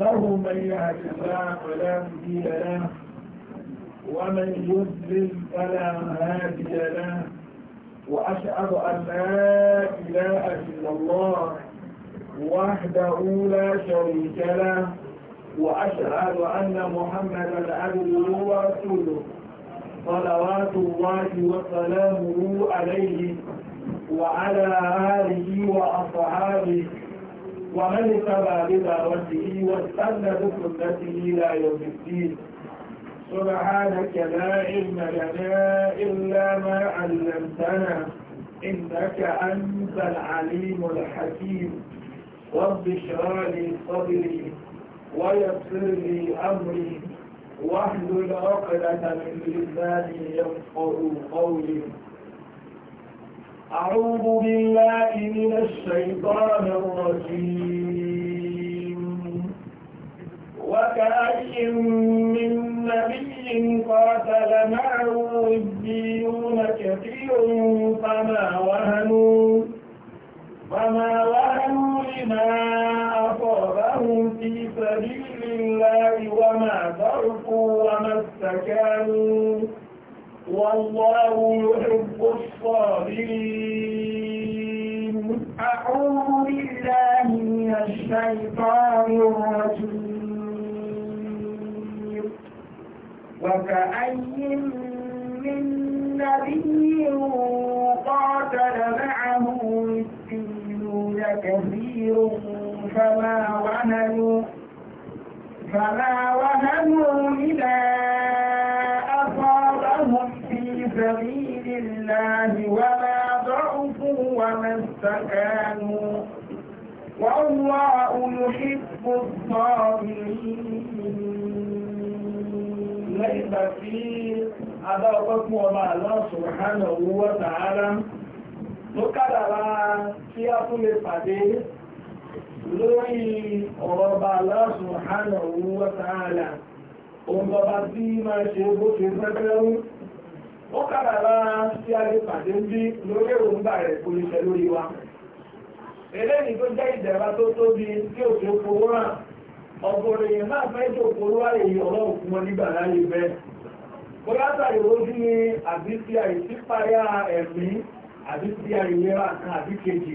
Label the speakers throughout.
Speaker 1: له من يهد الله فلا مضي له ومن يضلل فلا هادي له واشهد ان لا اله الا الله وحده لا شريك له واشهد ان محمدا عبده ورسوله صلوات الله وسلامه عليه وعلى اله واصحابه ومن اتبع بدعوته واستنى بسنته لا يوم الدين سبحانك لا علم لنا إلا ما علمتنا إنك أنت العليم الحكيم رب اشرح لي صدري ويسر لي أمري واحلل عقدة من لساني يفقه قولي أعوذ بالله من الشيطان الرجيم وكأين من نبي قاتل معه ربيون كثير فما وهنوا فما وهنوا لما أصابهم في سبيل الله وما ضعفوا وما استكانوا والله يحب الصابرين أعوذ بالله من الشيطان الرجيم وكأين من نبي قاتل معه مثليون كثير فما وهنوا فما وهنوا إلى سبيل الله وما ضعفوا وما استكانوا والله يحب الصابرين ليس في هذا الرقم وما الله سبحانه وتعالى ló kádàrá kí a tún lè pàdé lórí ọ̀rọ̀ bá Allah subhanahu wa ta'ala òun bọba tí máa ṣe bó ṣe fẹ́fẹ́ rú ó kàrà lára tí a lè pàdé ń bí lórí èròǹgbà rẹ̀ kò lè tẹ̀ lórí wa eléyìí tó jẹ́ ìdẹ̀ra tó tóbi tí ò tó fowó ràn ọ̀gọ̀rọ̀ èèyàn náà fẹ́ tó fowó ráyè yìí ọlọ́run fún wọn nígbà láyé bẹ́ẹ̀ kó látàrí ojú ni àbí ti àìsípayá ẹ̀mí àbí ti àìlera kan àbí kejì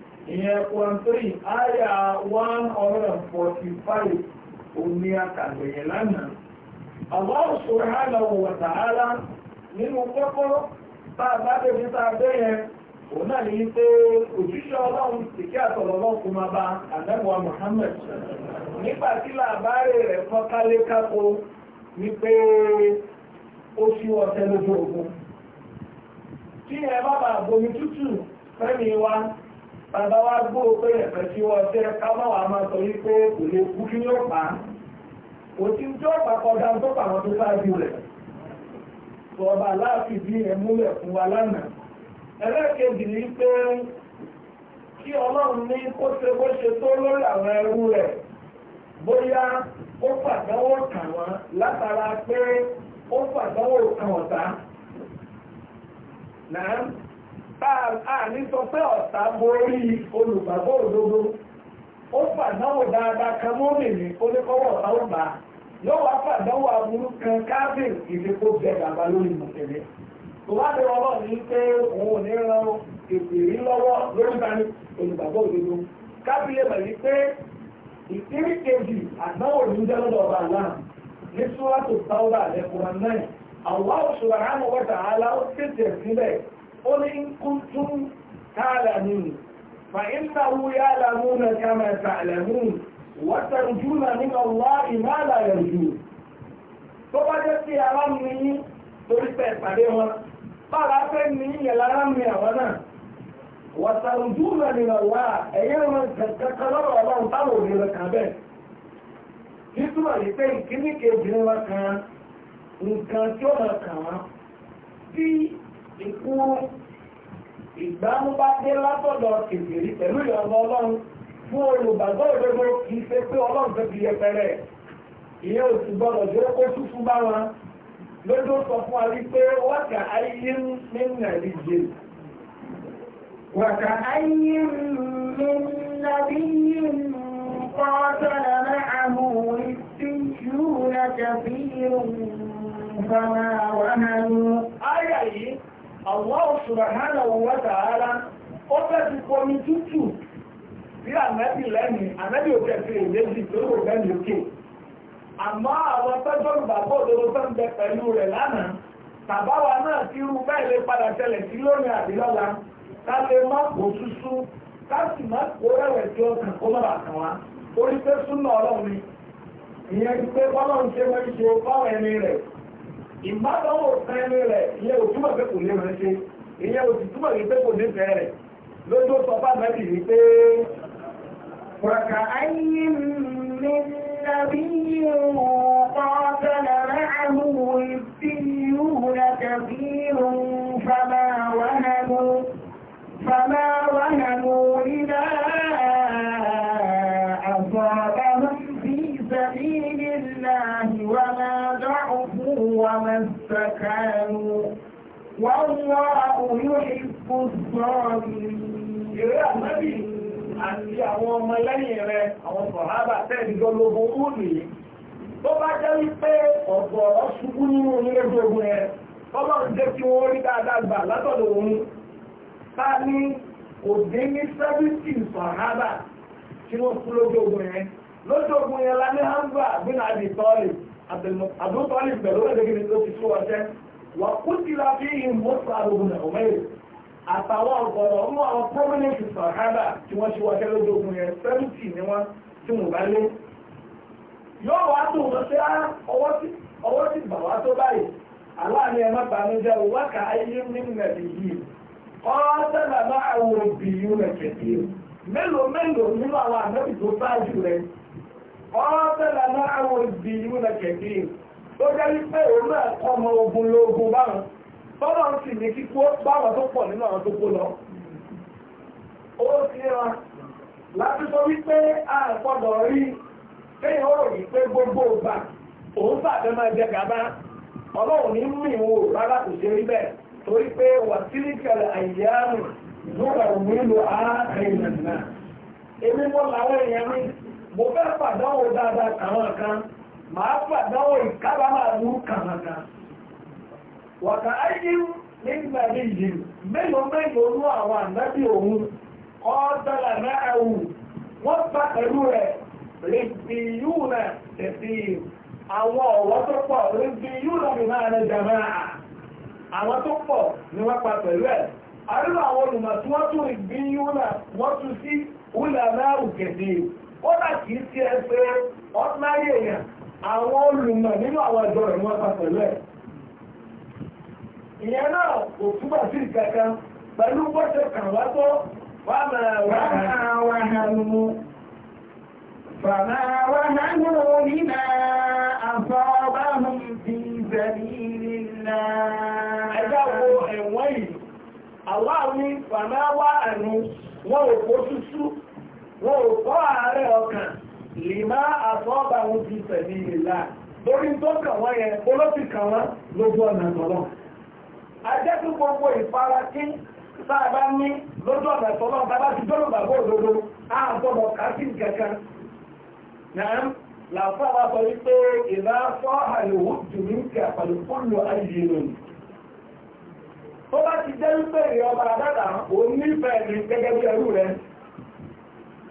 Speaker 1: ìyẹn point three àyà one hundred and forty five òní àkàgbẹ̀yẹ lánàá. Allah subhanahu nínú kọ́kọ́ bá a bá bẹ̀rẹ̀ níta abẹ́ yẹn òun náà ní pé òjíṣẹ́ ọlọ́run tìkí àtọ̀lọ́ ọlọ́kùn bá nígbà tí làbárè rẹ̀ kọ́ kálé kákó ní pé ó fi ọ̀tẹ́ lójú ogun. kí ẹ má bàa bomi tútù bàbá wa gbó pé ẹ̀fẹ̀ tí wọ́n jẹ́ káwọ́ àmà sọ wípé kò lè kú kí yóò pa kò tí ń jọ́ pàkọ́dá tó pàwọn tó sáájú rẹ̀ sọ̀ọ̀bà láti bí ẹ̀ múlẹ̀ fún wa lánàá ẹlẹ́kejì ní pé kí ọlọ́run ní kó ṣe bó ṣe tó lórí àwọn ẹrú rẹ̀ bóyá ó pàdánwò kàn wọ́n látara pé ó pàdánwò kàn wọ́n ta. àní sọ pé ọ̀tá borí olùgbàgbọ́ òdodo ó pàdánwò dáadáa kan mọ́mìnì oníkọ́wọ́ ọ̀tá ó bá yóò wá fàdánwò kan káàbìn lórí tó bá ọlọ́ ní pé òun ò ní ran lọ́wọ́ lórí olùgbàgbọ́ pé kejì àdánwò ní ọba قل إن كنتم تعلمون فإنه يعلمون كما تعلمون وترجون من الله ما لا يرجون tó bá jẹ́ sí ara mi yí torí pẹ̀ pàdé wọn bára fẹ́ ní ilẹ̀ lára mi àwọn náà wàtàrùjú lẹ́nu ọ̀wá ẹ̀yẹ́ wọn kankan lọ́rọ̀ ọlọ́run táwọn òbí rẹ̀ kà kan nǹkan tí ó máa kà wọn tí ikú ìgbánúbádé látọ̀dọ̀ kèfèrí pẹ̀lú ìrànlọ́ ọlọ́run fún olùgbàgbọ́ òdodo kì í ṣe pé ọlọ́run tó fi yẹpẹrẹ ìyẹn ò sì gbọdọ̀ jẹ́ kó tútù bá wọn lójú sọ fún wa wákà ayé wákà ayé Allah subhanahu wa ta'ala ó fẹ́ ti tútù bí ànábì lẹ́nu ànábì òkè fi èméjì tó wò lẹ́nu òkè àmọ́ àwọn tọ́jọ́ ìgbàgbọ́ òdodo tó ń bẹ pẹ̀lú rẹ̀ lánàá tàbáwa náà ti rú bẹ́ẹ̀ lè padà tẹlẹ̀ sí lónìí àbílọ́la ká lè má kó súsú ká sì má kó rẹ̀wẹ̀ tí ó kàn kó má ni ìyẹn ti pé bọ́lọ́run ṣe wọ́n ẹni ìbádọ́wò fẹ́ẹ́lú rẹ̀ ìyẹ́ ò túmọ̀ pé kò lè rẹ̀ ṣe ìyẹ́ ò sì túmọ̀ rí pé kò lè fẹ́ rẹ̀ lójú sọ bá mẹ́bì ní pé rọ̀kà ayé mi nàbí قاتل معه ربيون كثير وما استكانوا والله يحب الظالمين ìrẹ́ àmọ́bí àti àwọn ọmọ lẹ́yìn rẹ̀ àwọn sọ̀hábà tẹ́ẹ̀dìjọ lógún òòlù yìí tó bá jẹ́ wípé ọ̀pọ̀ ọ̀ṣùgbú nínú onílẹ́gbẹ̀ogun ẹ̀ tọ́lọ̀ ń jẹ́ wọ́n rí dáadáa gbà látọ̀dọ̀ òun ta ní kò ní sẹ́fíìsì sọ̀hábà tí wọ́n kú lójú ogun yẹn lójú la ní hangba gbínà àdìtọ́lì àbúrò tó wà ní ìbẹ̀rù rẹ̀ gẹ́gẹ́ tó fi súwọ́ ṣẹ́ wà kú sí la fi yìí mú sàrò ògùn ọ̀mẹ́rì àtàwọn ọ̀gọ̀rọ̀ mú àwọn prominent sàkábà tí wọ́n ṣe wọ́ṣẹ́ lójú ogun yẹn seventy ni wọ́n tí mo bá lé yóò wá tó wọ́n ṣe ah, ọwọ́ sí bà wá tó báyìí aláàánú ẹ má bàánú jẹ́ wọ́n kà á nínú ẹ̀dì yìí kọ́ sẹ́nà máa wọ bìyún ẹ̀kẹ́ mélòó mélòó nínú àwọn àmẹ́bì tó ṣáájú rẹ̀ ọ́tẹ́lẹ̀ náà àwọn ìbìyú na kẹ̀kí tó jẹ́ wípé òun náà ọmọ ogun lóògùn báwọn tọ́lọ̀ ń sì ní báwọn tó pọ̀ nínú àwọn tó kó lọ. ó ti láti sọ wípé a rí kéèyàn ó rò wípé gbogbo òun máa jẹ ọlọ́run ní mí rárá kò ṣe rí pé wà sílíkẹ̀lẹ̀ àyíyá nù mo fẹ́ pàdánwò dáadáa kàwọn kan máa pàdánwò ìkábàmà lú kàwọn kan wàkà áyí nígbà ní yìí mélòó mélòó ní àwọn ànábì òun ọ́dọ́là náà wọ́n bá pẹ̀lú rẹ̀ rìbì tẹ̀sí àwọn ọ̀wọ́ tó pọ̀ rìbì yúù náà ni kódà kìí sí ẹ pé ọ̀túnláyé èèyàn àwọn olùmọ̀ nínú àwọn ẹ̀dọ́ rẹ̀ wọ́n pa pẹ̀lú ìyẹn náà kò túbọ̀ sí ìkankan pẹ̀lú bó ṣe kàn wá tó wà máa wà hànú. فما وهنوا لما wo ẹ̀wọ̀n wọn ò wọn ò fọ́ ààrẹ ọkàn lè má àtọ́ọ̀bà wọn ti tẹ̀lé ìlà lórí tó kàn wọ́n yẹn olóòtú kàn wọ́n lójú ọ̀nà tọ́lọ́ ajẹ́kú gbogbo ìfarakí sáàbá ní lójú ọ̀nà tọ́lọ́ bàbá ti dọ́rọ̀ bàbá òdodo àgbọ̀dọ̀ kásí kankan náà làfọ́ àwọn sọ wípé ìlà fọ́ àlòwò jùlọ ń kà pẹ̀lú fúnlọ ayé lónìí tó bá ti jẹ́ wípé ìyọba àdàdà òun nífẹ̀ẹ́ mi gẹ́gẹ́ bí ẹrú rẹ̀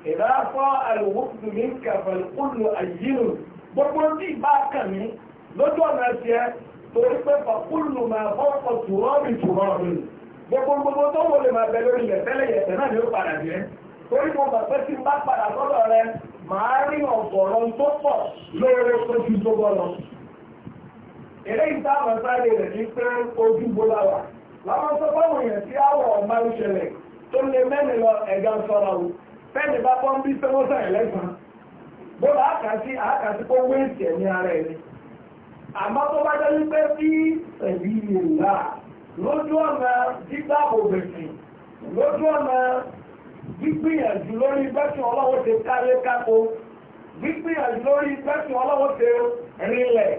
Speaker 1: إذا صاع الوفد منك فالكل أينه gbogbo tí ìbá kàn ní lójú ọ̀nà ẹ̀ṣẹ́ torí pé fàkúlù máa fọ́pọ̀ tùrọ́bì tùrọ́bì gbogbo gbogbo tó wọlé máa bẹ lórí ilẹ̀ tẹ́lẹ̀ yẹ̀tẹ̀ náà ni ó padà jẹ́ torí mo gbà pé tí bá padà sọ́dọ̀ rẹ máa rí ọ̀gọ̀rọ̀ tó pọ̀ lóore ojú tó gbọ́lọ. eré ìtàwọn sáré rẹ̀ ní pé ojú gbọ́lá wà láwọn sọ fáwọn èèyàn tí àwọ̀ máa ń ṣẹlẹ̀ tó lé mẹ́rin lọ ẹ̀gá sọ́ra tẹ́lì bá bọ́ ń bí sẹ́wọ́sẹ̀ ẹ̀lẹ́gbọ̀n bóla àkàtí àkàtí kó wé ìtì ẹ̀mí ara ẹni àmọ́ tó bá jẹ́ wípé bí ẹ̀bí ìlà lójú ọ̀nà dídá òbèsì lójú ọ̀nà gbígbìyànjú lórí bẹ́sùn ọlọ́wọ́ ṣe káyé kákó gbígbìyànjú lórí bẹ́sùn ọlọ́wọ́ ṣe rinlẹ̀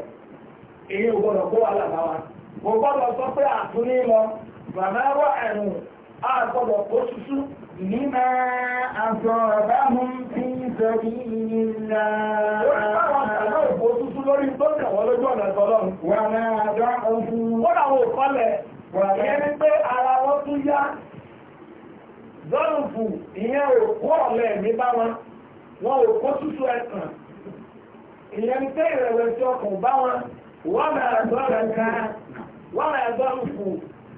Speaker 1: èyí ò gbọ́dọ̀ kó alábàáwa kò gbọ́dọ̀ sọ pé àgbọ̀dọ̀ kó ṣuṣú nígbà àgbọ̀dáhùn fi sọ̀rí nílá. Wọ́n táwọn àgbà òkú ṣuṣú lórí tó tẹ̀wọ́ lójú ọ̀nà ìtọ́lọ́run. Wọ́n máa dá ọdún. Wọ́n àwọn ní pé ara wọn tún yá. bá wọn. Wọn Wọ́n máa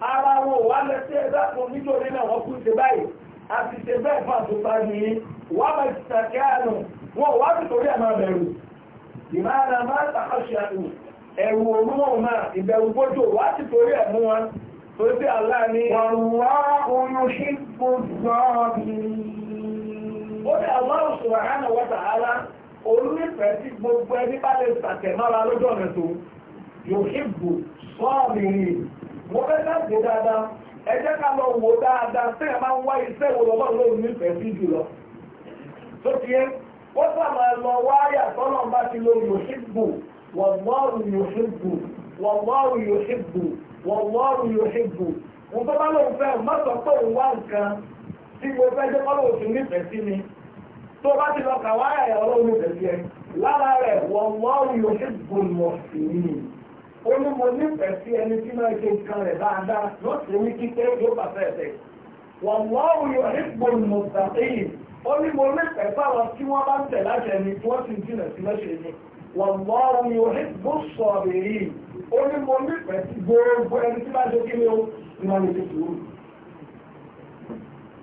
Speaker 1: ara wọn wà lẹ́sẹ̀ ẹ̀dàkùn nítorí náà wọ́n kú ṣe báyìí a ti ṣe bẹ́ẹ̀ fún àtúntà yìí wà bá ti tàkẹ́ àánú wọn wà nítorí àmà bẹ̀rù ìmáàdà máa tàkọ́ṣe àtù ẹ̀rù òun náà máa gbójú wà ti torí ẹ̀mú wọn tó ṣe àlá ní. wàlúwà oyún ṣe gbogbo ó ní àwọn òṣùwà hánà wọ́tà ara olùnífẹ̀ẹ́ sí gbogbo ẹni bá lè tàkẹ́ mára lójú ọ̀nà tó yóò ṣe gbò sọ́ọ̀mì mo fẹ́ dáàbò dáadáa ẹ jẹ́ ká lọ wò dáadáa ṣé ẹ máa ń wá iṣẹ́ wo lọ́wọ́ lóòrùn nífẹ̀ẹ́ sí jùlọ tó ti yẹ ó sàmà lọ wáyà tọ́nà bá ti lo yòṣìbù wọ̀mọ́rù yòṣìbù wọ̀mọ́rù yòṣìbù wọ̀mọ́rù yòṣìbù mo fẹ́ bá lóun fẹ́ má sọ pé òun wá nǹkan tí mo fẹ́ jẹ́ kọ́lọ́ òṣù nífẹ̀ẹ́ sí mi tó bá ti lọ kà wáyà ẹ̀ ọlọ́run nífẹ̀ẹ́ sí ẹ lára rẹ̀ wọ̀mọ́rù yòṣìbù lọ sí mi ó ní mo nífẹ̀ẹ́ sí ẹni tí máa ṣe nǹkan rẹ̀ dáadáa yóò ṣe ní kíkẹ́ yóò bá fẹ́ ẹ̀fẹ́ wọ́n wọ́n òye ìgbòho mọ̀tàkéyì ó ní mo nífẹ̀ẹ́ sáwọn tí wọ́n bá ń tẹ̀ láti ẹni tí wọ́n sì ń jìnà sí lọ́ṣẹ̀ ni wọ́n wọ́n òye ìgbò sọ̀rọ̀ èyí ó ní mo nífẹ̀ẹ́ sí gbogbo ẹni tí máa ṣe kí ni ó ní wọ́n lè fi sùúrù.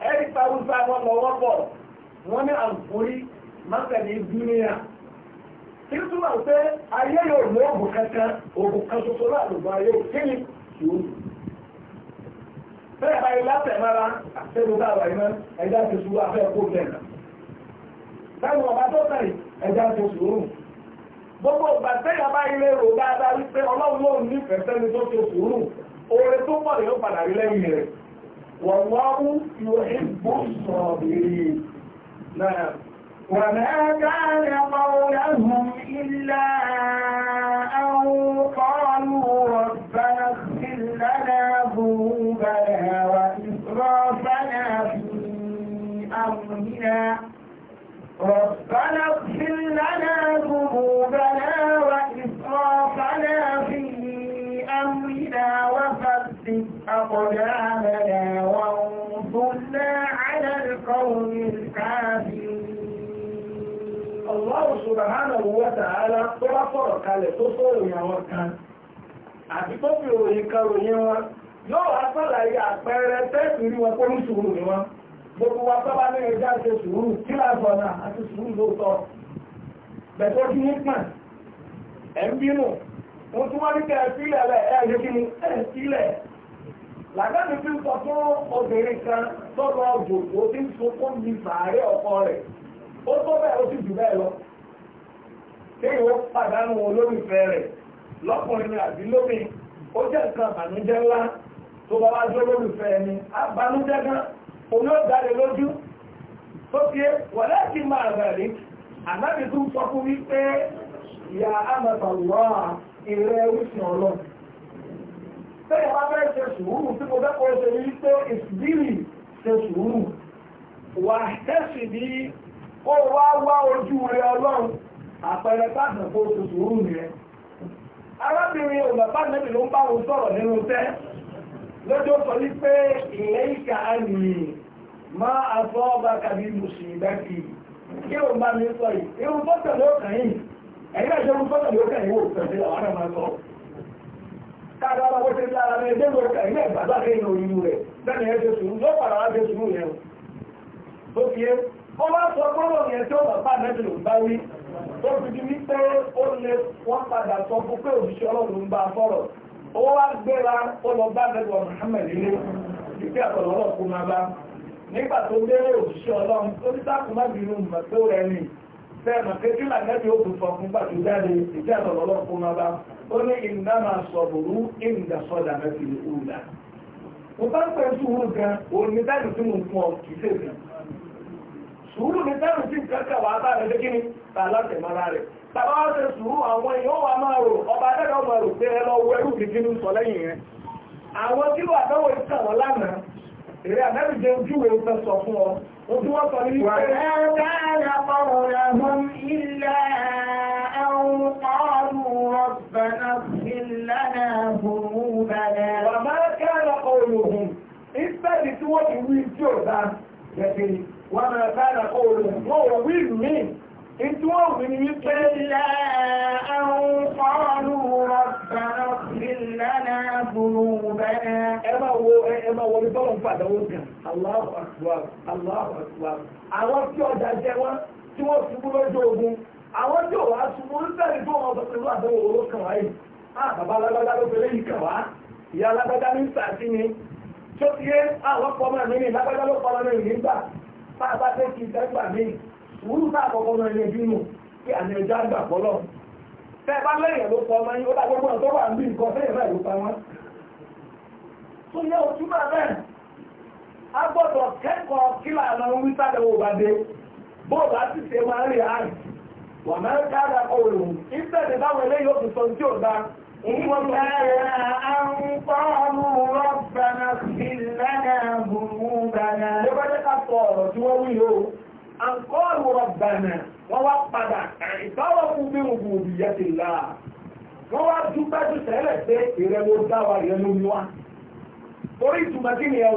Speaker 1: ẹ̀rí pàrọ̀ sáà wọn lọ wọ́pọ̀ wọ́n ní àǹfórí mọ́tẹ̀lẹ́ ìtumọ̀ pé ayé yóò mú kankan ògùn kan láàrùn ayé kíni ó lù. bẹ́ẹ̀ báyìí látẹ̀mára àtẹ́lu dáwà iná ẹja ti sùúrù afẹ́ kó ọba tó tẹ̀lé ti gbogbo ìgbà tẹ́yà bá ilé rò dáadáa wípé ọlọ́run ló ń nífẹ̀ẹ́ sẹ́ni tó ti sùúrù oore tó pọ̀ lè ló padà rí lẹ́yìn rẹ̀. وما كان قولهم إلا أن قالوا ربنا اغفر لنا ذنوبنا وإسرافنا في أمرنا ربنا اغفر لنا ذنوبنا وإسرافنا في أمرنا وثبت أقدامنا وانصرنا على القوم الكافرين subhanahu wa ta'ala tó bá sọ̀rọ̀ kalẹ̀ tó sọ̀rọ̀ yẹn wọn kan àti tó fi òròyìn kan ròyìn wọn yóò wá sọ̀làyé àpẹẹrẹ tẹ́sì rí wọn pẹ̀lú sùúrù ni wọn gbogbo wa tọ́ba ní ẹja ṣe sùúrù kí láàbọ̀ àti sùúrù lóòótọ́ ó tó bẹ́ẹ̀ ó sì jù bẹ́ẹ̀ lọ kéyìn ó pàdánù olólùfẹ́ rẹ̀ lọ́kùnrin àbí lóbìn ó jẹ́ nǹkan àbànújẹ́ ńlá tó bá wá jó lólùfẹ́ ẹni àbànújẹ́ gan òun ó dáre lójú tó fi kí máa tún sọ fún wípé ìyá ìrẹ́ orísun wà tẹ́sì bí wá wá ojú rẹ àpẹẹrẹ pàtàkì kó sùúrù nìyẹn arábìnrin òbàbá nẹ́bì ló ń bá wọn sọ̀rọ̀ nínú tẹ́ lójó sọ ìyẹn ìkà máa ọba kàbí kí o bá mi sọ yìí ló kàn yìí ẹ̀yìn àti ló kàn yìí wò pẹ̀lú àwọn ara òyìnbó bẹ́ẹ̀ ni ẹ sọ yẹn bá tó fi di wípé ó lè wọ́n padà sọ fún pé òṣìṣẹ́ ọlọ́run ń bá sọ̀rọ̀ ó wá gbéra ó lọ bá mẹ́gbọ̀ Muhammad ilé ìpé àtọ̀lọ́rọ̀ kó máa bá nígbà tó gbére òṣìṣẹ́ ọlọ́run tó ni fẹ́ẹ̀mọ̀ pé kí làgẹ́bí ó bù jáde máa bá ó ní máa mẹ́fì mo bá ń pẹ́ sùúrù ní tẹ́rù sí kẹ́kẹ́ wà bá rẹ̀ lékí ni tààlọ́tẹ̀ rẹ̀ tàbá ṣe sùúrù àwọn èèyàn wà máa rò ọba adẹ́gbẹ́ ọmọ rò pé ẹ lọ ẹrù kìkì ní sọ lẹ́yìn rẹ̀ àwọn tí wà tọ́wọ́ ìtàwọn lánàá jẹ ojú wo fẹ́ sọ fún ọ ojú wọn sọ ní wípé. wàmá kí á lọ a. olùhùn ìfẹ́ ti tí wọ́n wọ́n máa káàdà kó olù wọ́n wọ́n wí mí ìtú òfin ni wípé ilẹ̀ ẹ̀hún fọ́ọ̀lù rọ̀bàrà ìlànà burú bẹ́ẹ̀. ẹ máa wo ẹ máa wọlé bọ́ọ̀lù padà ó gàn Allahu akbar Allahu akbar àwọn tí ọjà jẹ wọn tí wọ́n ṣubú lọ́jọ́ ogun àwọn tí ò wá ṣubú ń bẹ̀rẹ̀ tó wọn sọ pé wọ́n àtẹwò owó kàn wáyé ah bàbá alágbádá ló fẹ́lẹ́ yìí kàn wá ìyá alágbádá ní sàtí ni tó ti yé àwọn ah, pọ́nmọ́ mi ní alágbádá ló pọ́nmọ́ mi nígbà bá a bá fẹ́ kí ìtẹ́gbà mí wúrú bá àkọ́kọ́ náà yẹ jùlọ kí àmì ẹja ló pọ̀ ọmọ yín ó dàgbé wọn wà ń nǹkan fẹ́yìn wọn. tó yẹ máa a gbọ́dọ̀ kẹ́kọ̀ọ́ kí wí bàdé bóòlù ṣe máa rí wà máa ń òòrùn báwọn eléyìí ó ti sọ tí ò wọ́n wí o àkọ́ọ̀lù rọ̀bànà wọ́n wá padà ìbáwọ̀ fún bí ògùn òbí yẹ ti là wọ́n wá dúpẹ́ tó tẹ́lẹ̀ pé ìrẹ́ ló dá wa ìrẹ́ ló ní wa torí ìtumọ̀ ni ẹ o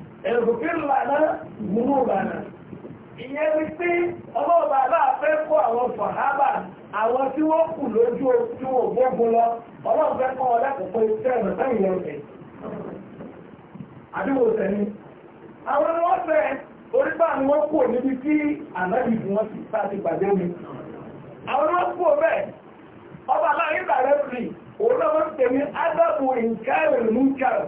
Speaker 1: ẹ̀rùfín lànà gbúrú lànà ìyẹn ni pé ọlọ́ọ̀bà aláàfẹ́ kó àwọn fàhábà àwọn tí wọ́n kù lójú tí wọ́n gbógun lọ ọlọ́ọ̀fẹ́ kọ́ wọn lẹ́kọ̀ọ́ iṣẹ́ ẹ̀rọ sẹ́yìn ọ̀sẹ̀ àdúgbò sẹ́ni àwọn ni wọ́n fẹ́ orípa ni wọ́n kú níbi tí ànábì fún wọn bá ti pàdé mi àwọn ni wọ́n kú bẹ́ẹ̀ ọba aláàyè bàrẹ́ rì òun náà wọ́n tẹ̀lé ádábù ìǹkárẹ̀ lùkàrẹ̀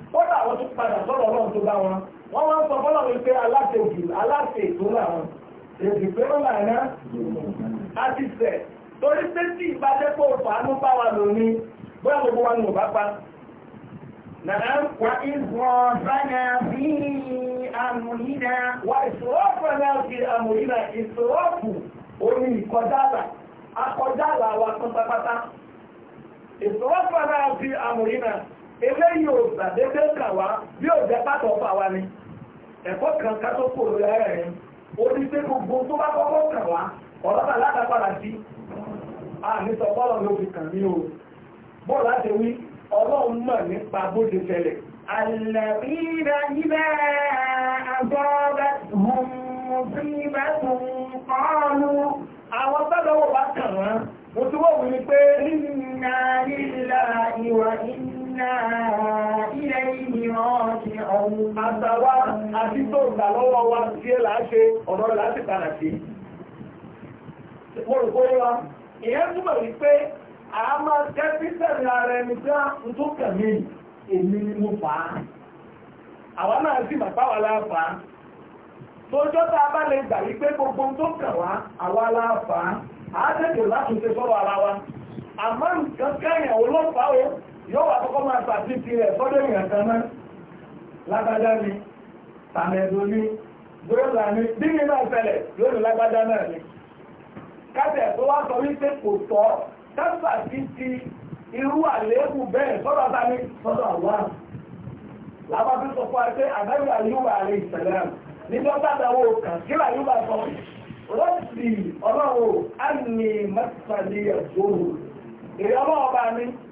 Speaker 1: kódà àwọn tó padà sọ̀rọ̀ ọlọ́run tó bá wọn wọ́n wá ń sọ fọ́lọ́ mi pé aláṣẹ òjò aláṣẹ ètò làwọn èdè pé ó là ná a ti sẹ̀ torí pé tí ìbájẹ́pọ̀ fàánú bá wa lò ní bóyá gbogbo wa ni ò bá pa. Wa ìsọ̀rọ̀fẹ́nà fi àmúrínà. Wa ìsọ̀rọ̀fẹ́nà fi àmúrínà ìsọ̀rọ̀fù orí ìkọjáàlà, akọjáàlà wa pátápátá. Ìsọ̀rọ̀fẹ́nà fi àmúrínà eléyìí ò gbàdédé kà wá bí ò jẹ́ pàtó fà wá ni ẹ̀kọ́ kan ká tó kò lórí ara rẹ̀ ó ní pé gbogbo tó bá kọ́kọ́ kà wá ọlọ́pàá látàpadà sí àmì sọ bọ́ọ̀lù ló fi kàn mí o bọ́ọ̀lù láti wí ọlọ́run mọ̀ nípa bó ṣe ṣẹlẹ̀. الذين إذا أصابتهم مصيبة قالوا àwọn tọ́lọ́wọ́ bá kàn wọ́n mo ti wọ́n wí pé inna lillahi wa inna إنا إليه راجعون àtàwa àti tó gbà lọ́wọ́ wa sí ẹ̀ láṣẹ rẹ̀ láti sí mo rò kó wa a máa kẹ́sí ara ẹni tí wọ́n tó kẹ̀mí èmi ni mo fà á náà sì mà pàwọ́ aláfà tójọ́ a lè gbà wípé gbogbo tó kàn wá àwa yóò wà kọ́kọ́ máa pàtí ti rẹ̀ fọ́dọ̀ èèyàn kan náà lágbájá ni tàmẹ̀dù ni gbóyọ̀lá ni bí mi náà ṣẹlẹ̀ yóò ní lágbájá náà ni káṣẹ̀ tó wá sọ wípé kò tọ́ káṣà ti ti irú àléébù bẹ́ẹ̀ sọ́dọ̀ ta ni sọ́dọ̀ àwa làwọn fi sọ fún wa pé àbẹ́rù àyùbá àlè ìṣẹ̀lẹ̀ nígbà tàdáwò kàn kí àyùbá sọ rọ́ọ̀sì ọlọ́run á ní mẹ́tàlẹ́ ẹ̀dọ́rù èrè ọlọ́ọ̀bá ni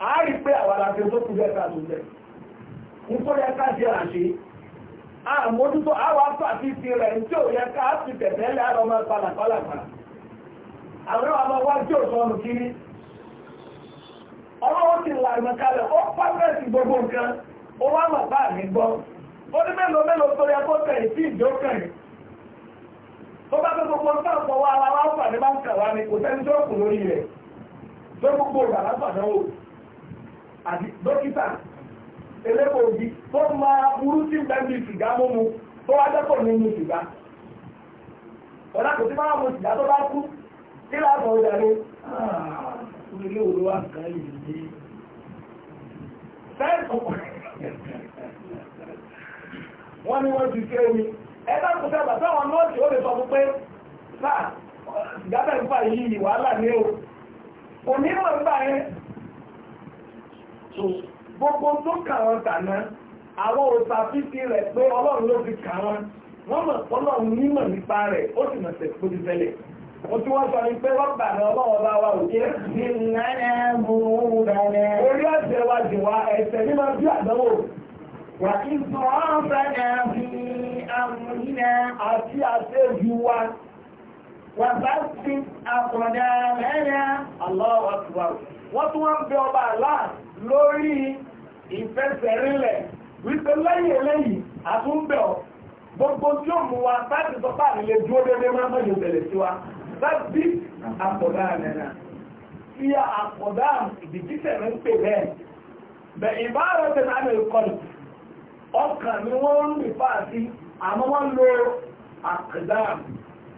Speaker 1: a rí pé àwọn tó kú bẹ́ẹ̀ káàtó bẹ́ẹ̀ nítorí ẹ̀ka sí àṣẹ àmójútó àwọn a ti rẹ̀ tí ò yẹ ká ti tẹ̀tẹ̀ àwọn ọmọ kiri ọlọ́wọ́ ti kalẹ̀ ó gbogbo nǹkan ó wá bá mi gbọ́ ó ní mélòó mélòó tó yẹ kó tẹ̀yìn sí ìjókòyìn tó bá gbogbo ń tàn fọwọ́ ara ń kà wá ni kò sẹ́ni tó kù lórí rẹ̀ tó gbogbo àbí dókítà elépo òbí tó máa burú sí bẹ́ẹ̀bì sìgá múmu tó wá dẹ́kọ̀ ní mu sìgá ọ̀dà kò sí máa mu sìgá tó bá kú kí láàbọ̀ ọjà ni ah, ilé òru wà ká yìí ní wọ́n ní wọ́n ti ké mi ẹgbẹ́ kò fẹ́ bàtà wọn nọ́ọ̀sì ó lè sọ fún pé sáà ìgbàgbẹ́ ìfà yìí wàhálà ní o kò ní mọ̀ nígbà yẹn so gbogbo tó kà wọn àwọn òṣàfíìsì pé ọlọ́run ló fi kà wọn wọ́n mọ̀ ọlọ́run nímọ̀ nípa rẹ̀ ó sì mọ̀ tẹ̀ kó ti tí wọ́n sọ ní pé wọ́n gbàdọ̀ ọlọ́wọ́ bá wa òjé. Orí ẹ̀sẹ̀ wa jù wá bí àdánwò. Wà kí sọ fi Àti wa. Wà bá mẹ́rin. Àlọ́ lórí ìfẹsẹ̀rinlẹ̀ wípé lẹ́yìn eléyìí àtúnbẹ̀ ọ̀ gbogbo tí ó mú wa láti sọ pé àrìlẹ̀ dúró dédé máa mọ̀ ìbẹ̀lẹ̀ sí wa láti àpọ̀dá nẹ̀nà tí àpọ̀dá ìdíjísẹ̀ rẹ̀ ń pè bẹ́ẹ̀ bẹ̀ ìbáraẹ̀tẹ̀ náà lè kọlù ọkàn ni wọ́n ń rìn fà sí àmọ́ wọ́n lo àkàdá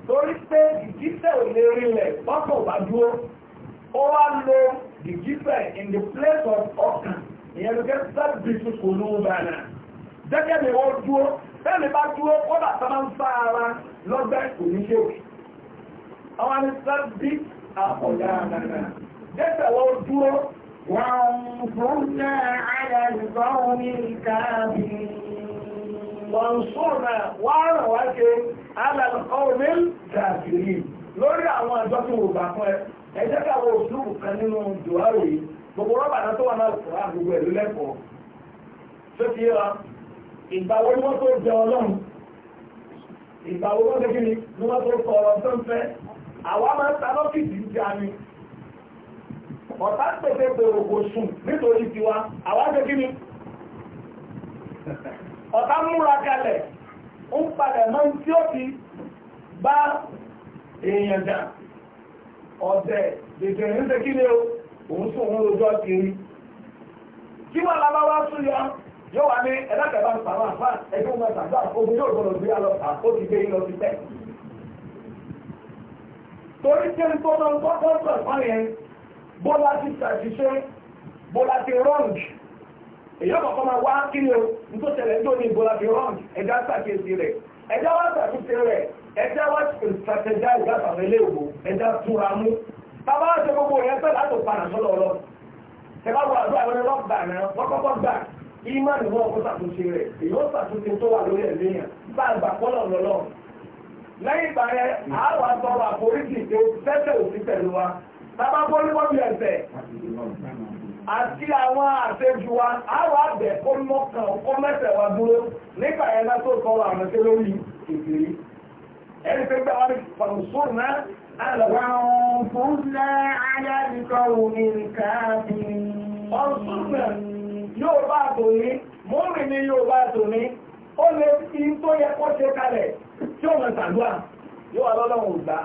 Speaker 1: torí pé ìdíjísẹ̀ ò lè rinlẹ̀ bọ́kọ̀ bá dúró ó wá lo the giver in the place of ọkàn ìyẹn ló jẹ́ sábìsì kò ní ọba náà jẹ́jẹ́ mi wọ́n dúró bẹ́ẹ̀ mi bá dúró ó bà tá máa ń fa ara lọ́gbẹ́ kò ní ṣe òkè àwọn ni sábì àkọ́dá àgbàgbà jẹ́jẹ́ wọ́n dúró وانصرنا على القوم الكافرين وانصرنا وعلى وجه على القوم الكافرين lórí àwọn àjọ tí wò gbà fún ẹ ẹ jẹ́ ká wo òṣùlùkù kan nínú ìdùwárò yìí gbogbo rọ́bà náà tó wà náà kò rà gbogbo ẹ̀lú lẹ́kọ̀ọ́ tó ti yé wa ìgbà wo ni wọ́n tó jẹ ọlọ́run ìgbà wo wọ́n tó kí ni ni wọ́n tó kọ ọ̀rọ̀ tó ń fẹ́ àwa máa ń ta lọ́fíìsì ń jà ni ọ̀tá pèsè pèrò kò sùn nítorí tiwa àwa tó ọ̀tá múra kalẹ̀ ń padà mọ́ tí ó ti bá èèyàn jà ọ̀sẹ̀ dèjò ní ṣe kí ni o òun sùn òun lójú ọ̀sẹ̀ rí kí wọn lábá wá sún yọ yóò wá ní ẹlẹ́kẹ̀ẹ́bá ń pàrọ̀ ẹgbẹ́ wọn tàbí àkókò yóò gbọdọ̀ gbé alọ́ àkókò ìgbé yìí lọ sí tẹ́ torí tí ń tó náà kọ́kọ́ sọ fún yẹn ṣàṣìṣe ni ń tó ní ẹjá wá ti ṣàtẹjá ìgbàtàwẹ̀ ilé ìwò ẹjá túnra mú bàbá wá ṣe gbogbo ìyẹn pẹ̀lú àtò padà sọ́lọ̀ ọlọ́ ẹgbà wo àdúrà wọn lọ gbà náà wọ́kọ́kọ́ gbà ìmọ̀ ni wọ́n kó ṣàtúnṣe rẹ̀ èyí ó ṣàtúnṣe tó wà lórí ẹ̀mí yẹn bá a gbà pọ́lọ̀ lọ́lọ́ lẹ́yìn ìgbà yẹn àárọ̀ àtọrọ àforíjì tó fẹ́fẹ́ òfin pẹ̀lú wa bàbá bọ́lú wọ́n bí ẹ̀sẹ̀ àti àwọn àṣejù wa àárọ̀ àbẹ̀ kó mọ́kàn kó mẹ́sẹ̀ wa dúró nígbà yẹn lásòkọ̀ọ́ àmọ́tẹ́ lórí ìgbèrí ẹni pé gbà wọ́n fọ̀rọ̀sùn náà alàwọ̀ fún náà aláàríkọ̀ òmìn káàbí ọ̀sùn náà yóò bá tò ní mọ́rin ní yóò bá tò ní ó lè fi tó yẹ kó ṣe kalẹ̀ tí ó mọ̀ sàdúà yóò wà lọ́lọ́run ògbà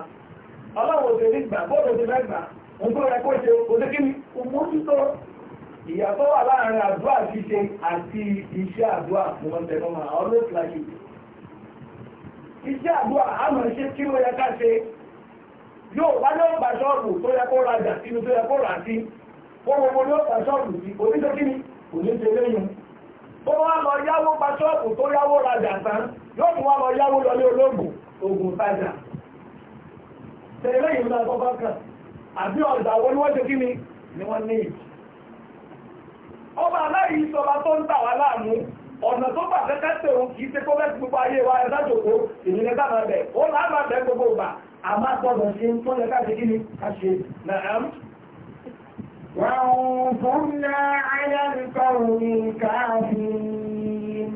Speaker 1: ọlọ́run òṣè ní gbà bóòdò ti fẹ́ gbà ń tó yẹ kó ṣe kò sí kí ni òmójútó ìyàtọ̀ wà láàrin àdúà ṣíṣe àti iṣẹ́ àdúà mọ̀ tẹ̀lọ́mà ọlọ́ọ̀tì láṣìṣe iṣẹ́ àdúrà àmọ̀ ṣe kí ló yẹ ká ṣe yóò wá ní ọgbà ṣọ́ọ̀bù tó yẹ kó rajà sínú tó yẹ kó rà sí gbogbo ní ọgbà ṣọ́ọ̀bù sí oníṣẹ́kíní kò ní ṣe lẹ́yìn tó wá lọ yáwó gba ṣọ́ọ̀bù tó yáwó rajà tán yóò tún wá lọ yáwó lọlé olóògùn ògùn tajà tẹ̀lẹ́yìn náà kọ́kọ́ kan àbí ọ̀dà wọn ni wọ́n ṣe kíni ni wọ́n ní ìjì ọba aláìsọba tó ń tà wá láàmú ọ̀nà tó bà kẹ́kẹ́ tẹ̀ òun kìí ṣe kó bẹ́ẹ̀ gbogbo ayé wa ẹ̀ sájòkó ìrìnlẹ̀ káàmà bẹ̀ ó láàmà bẹ̀ gbogbo ìgbà àmà gbọ́dọ̀ ṣe tó yẹ ká kí ni ká ṣe nàám. وانصرنا على القوم الكافرين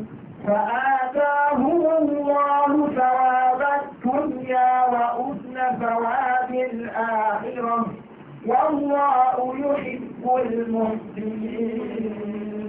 Speaker 1: فآتاهم الله ثواب الدنيا وأذن ثواب الآخرة والله يحب المحسنين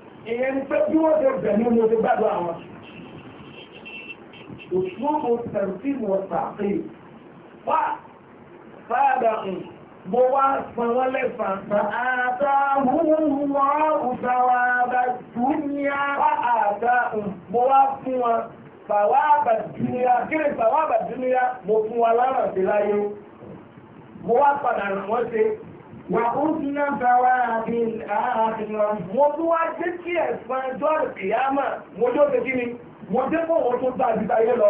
Speaker 1: ìyẹn pé bí wọ́n ṣe bẹ̀ ní mo ti gbádùn àwọn òṣùwò tẹ̀sí mo sàpè wá sáàdà ń mo wá san wọ́n lẹ́sàn san àtàhùn wọn òṣàwà àbàdúnyà wá àtàhùn mo wá fún wọn fàwà àbàdúnyà kí ni fàwà àbàdúnyà mo fún wọn lánàá sí láyé mo wá padà ràn ṣe Wàhúnná bàwà àbí ààrìnà. Mo tó wá jẹ́ kí ẹ̀sùn ẹjọ́ ìkìyàmà, mo jọ́ ṣe kí ni, mo jẹ́ kó wọ́n tó bá àbíbáyé lọ.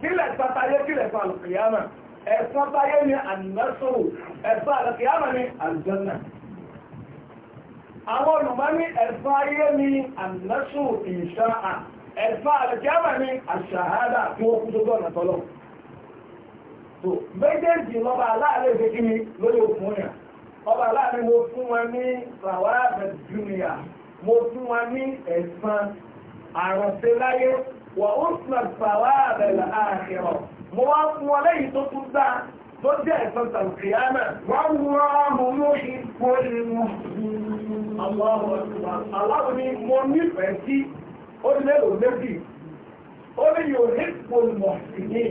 Speaker 1: Kílẹ̀ sátáyé kílẹ̀ fún àlùkìyàmà. Ẹ̀sùn táyé ni ànásòrò, ẹ̀sùn àlùkìyàmà ni àlùjọ́nà. Àwọn olùmọ́ ní ẹ̀sùn ayé ni ànásòrò ìṣáà, ẹ̀sùn àlùkìyàmà ni àṣàhádà tí wọ́n kú tó gbọ́nà tọ́lọ́ ọba aláàrin mo fún wọn ní ràwáàbẹ̀ júnìyà mo fún wọn ní ẹ̀san àrọ̀ṣe láyé wà ó sùn ràwáàbẹ̀ àkẹrọ mo wá fún wọn lẹ́yìn tó tún dá tó jẹ́ ẹ̀san tàbíyánà wọ́n wọ́n mú mú ipò ìmú aláwọ̀ ni mo nífẹ̀ẹ́ sí ó lérò méjì ó ní yóò ipò ìmọ̀ sí ni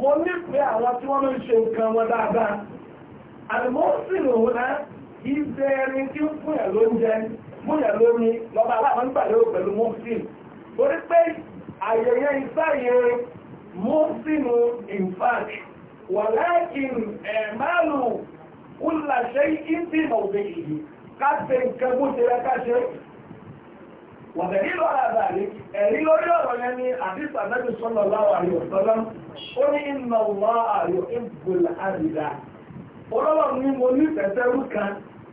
Speaker 1: mo nífẹ̀ẹ́ àwọn tí wọ́n ń ṣe nǹkan wọn dáadáa àlùmọ́sìn òun náà ìṣe ẹni tí ó fún ẹ̀ lóúnjẹ múyẹ̀ lómi lọ́ba aláàmọ́ nígbà lérò pẹ̀lú mọ́sìn torí pé àyẹyẹ ìsáyẹ mọ́sìn in fact walakin ẹ̀málù kúlà ṣe ìdí mọ̀ọ́dé yìí káṣe nǹkan bó ṣe rẹ̀ káṣe wọ̀dẹ̀rí lọ́rọ̀ àbàrí ẹ̀rí lórí ọ̀rọ̀ ọlọ́run ní mo nífẹ̀ẹ́ sẹ́rú kan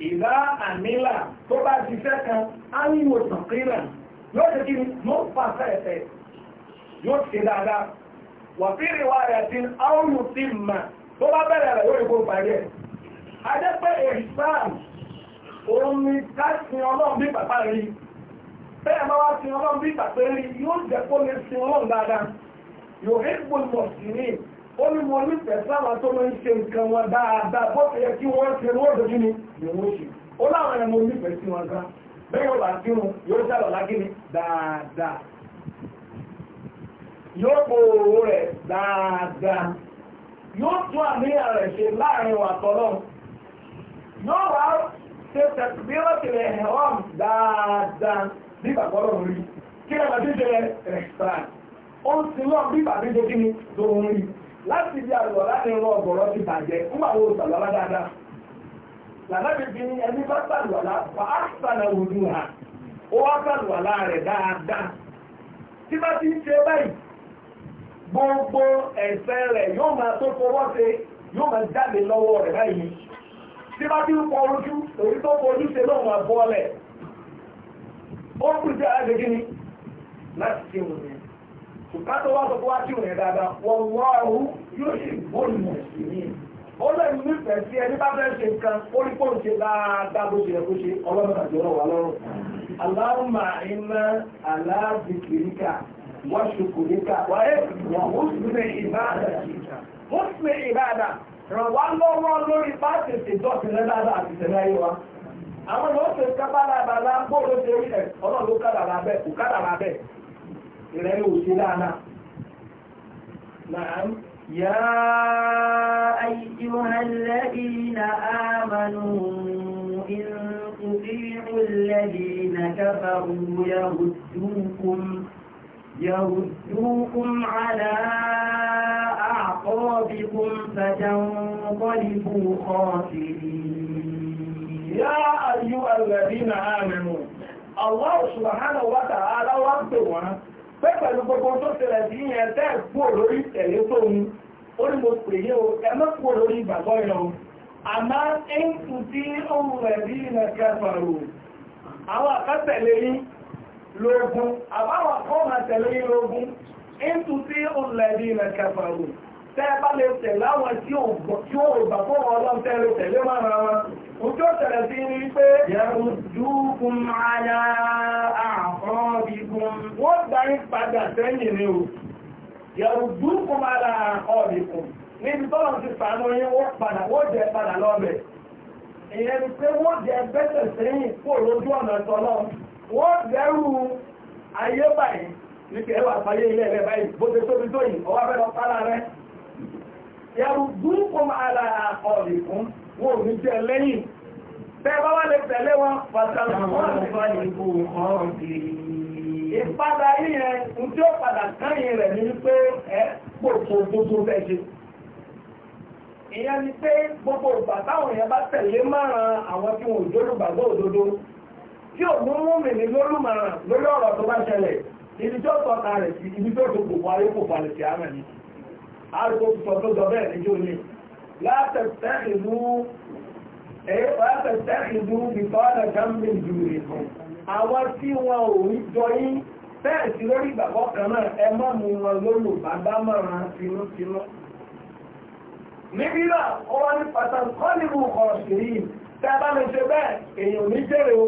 Speaker 1: ìlà àmìlà tó bá ṣiṣẹ́ kan á ní ìwòsàn kílà yóò ṣe kí ni yóò pàṣẹ ẹ̀fẹ̀ yóò ṣe dáadáa wà fi rí wa rẹ̀ sí áwùrù sí mà tó bá bẹ̀rẹ̀ rẹ̀ yóò kó parí ẹ̀ adẹ́pẹ́ ìsáàm òun ni ká sin ọlọ́run bí bàbá rí bẹ́ẹ̀ máa wá sin ọlọ́run bí bàbá rí yóò jẹ́ kó lè sin ọlọ́run dáadáa yóò hẹ́gbọ́n mọ̀ sí ní ó ní mo nífẹ̀ẹ́ sáwọn tó máa ń ṣe nǹkan wọn dáadáa bó ti yẹ kí wọ́n ṣe ní wọ́n ní wọ́n ṣe ó láwọn ẹ̀rọ mo nífẹ̀ẹ́ sí wọn gan bẹ́ẹ̀ yóò bá kírun yóò ṣàlọ̀ lágínní dáadáa yóò po owó rẹ̀ dáadáa yóò tún àníyàn rẹ̀ ṣe láàrin wà tọ́lọ́ yóò wá ṣe tẹ̀síbíọ́ tìlẹ̀ ẹ̀họ́m dáadáa bí bàbá ọlọ́run rí kí ẹ̀ bá ti ṣe ẹ̀sán ó ń sin lọ́ọ̀ bí bàbá ìjọ tó ń rí láti bí àrùn ọ̀la ọgọrọ irun ti bàjẹ́ dáadáa lànàbí ẹni bá sàlọ́lá wà á sàlọ́ òdu ó wá sàlọ́lá rẹ̀ dáadáa tí bá ti ń ṣe báyìí gbogbo rẹ̀ yóò máa tó fọwọ́ ṣe yóò máa jáde lọ́wọ́ rẹ̀ báyìí tí bá ti ń pọ ojú tó ṣe máa bọ́ ọlẹ̀ ó sí àgbègbè ni láti ṣe òun ṣùgbọ́n tó wá sọ fún rẹ̀ dáadáa wọ́n yóò sì bóyìí mọ̀ sí ní ó lè ní sí ẹni bá fẹ́ ṣe nǹkan ó rí pòun ṣe dáadáa bó ṣe yẹ kó ṣe ọlọ́run àti ọ̀rọ̀ wà lọ́rùn iná aláàbìkìríkà wọ́n wáyé wọ́n ó sì ó sì ràn wá lọ́wọ́ ìrẹ́ ò نعم يا أيها الذين آمنوا إن تطيعوا الذين كفروا يهدوكم يردوكم على أعقابكم فتنقلبوا خاسرين يا أيها الذين آمنوا الله سبحانه وتعالى وقت pé pẹ̀lú gbogbo tó ṣẹlẹ̀ sí yẹn tẹ́ kú lórí tẹ̀lé tó ń ó ní mo pè yé o ẹ má kú lórí ìgbàgbọ́ yẹn o àmọ́ ń tù sí ohun rẹ̀ bí iná kẹfàrò àwọn àkátẹ̀lé yín lógún àbáwọn àkọ́ tẹ́ bá lè tẹ̀ láwọn tí ó gbà fún ọlọ́run tẹ́ lè tẹ̀lé máa ra wọn. Ojú ọ̀tẹ̀rẹ̀ sí ní pé yẹ̀rùdúkùn ara àkọ́bìkùn. Wọ́n darí padà ni o. Yẹ̀rùdúkùn ara àkọ́bìkùn. Níbi tọ́lọ̀ ti sàánú yín wọ́n padà wọ́n jẹ padà lọ́bẹ̀. Ìyẹn ni pé wọ́n jẹ bẹ́sẹ̀ sẹ́yìn kó lójú ọ̀nà tọ́lọ́. Wọ́n dẹ́rù ayé báyìí. Ní kí ẹ wà fàyè ilé ẹ̀rẹ́ báyìí, bó ti tóbi tó yìí, fẹ́ lọ pálá rẹ̀ yàrù dúnkùn ara àkọọ̀lẹ̀kún wọ́n ò ní jẹ́ lẹ́yìn tẹ́ bá wá lè tẹ̀lé wọn pàtàkì wọ́n ìpadà yíyẹn ń tí ó padà káyìn rẹ̀ ní pé ẹ́ pòtò gbogbo bẹ́ẹ̀ ṣe ìyẹn ni pé gbogbo ìgbà táwọn èèyàn bá tẹ̀lé márùn-ún àwọn tí wọn ò jólùgbàgbọ́ òdodo tí ò mú mú mi ní lólùmọ̀ràn lórí ọ̀rọ̀ tó bá ṣẹlẹ̀ ibi tó tọ́ta rẹ̀ sí ibi tó tó kò wáyé kò balẹ̀ sí àmì nìyí àrùkò púpọ̀ tó sọ bẹ́ẹ̀ níjó ni látẹ̀tẹ̀kìdú bìtọ́nà gambin jùlẹ̀ kan àwọn tí wọn ò rí jọ yín bẹ́ẹ̀ sí lórí ìgbàgbọ́ kan náà ẹ má mú wọn lólù bàbámọ̀ràn tinútinú níbí náà ó wá ní pàtàkì kọ́nìmù ọ̀sẹ̀ yìí tẹ́ bá lè ṣe bẹ́ẹ̀ èèyàn ní jèrè o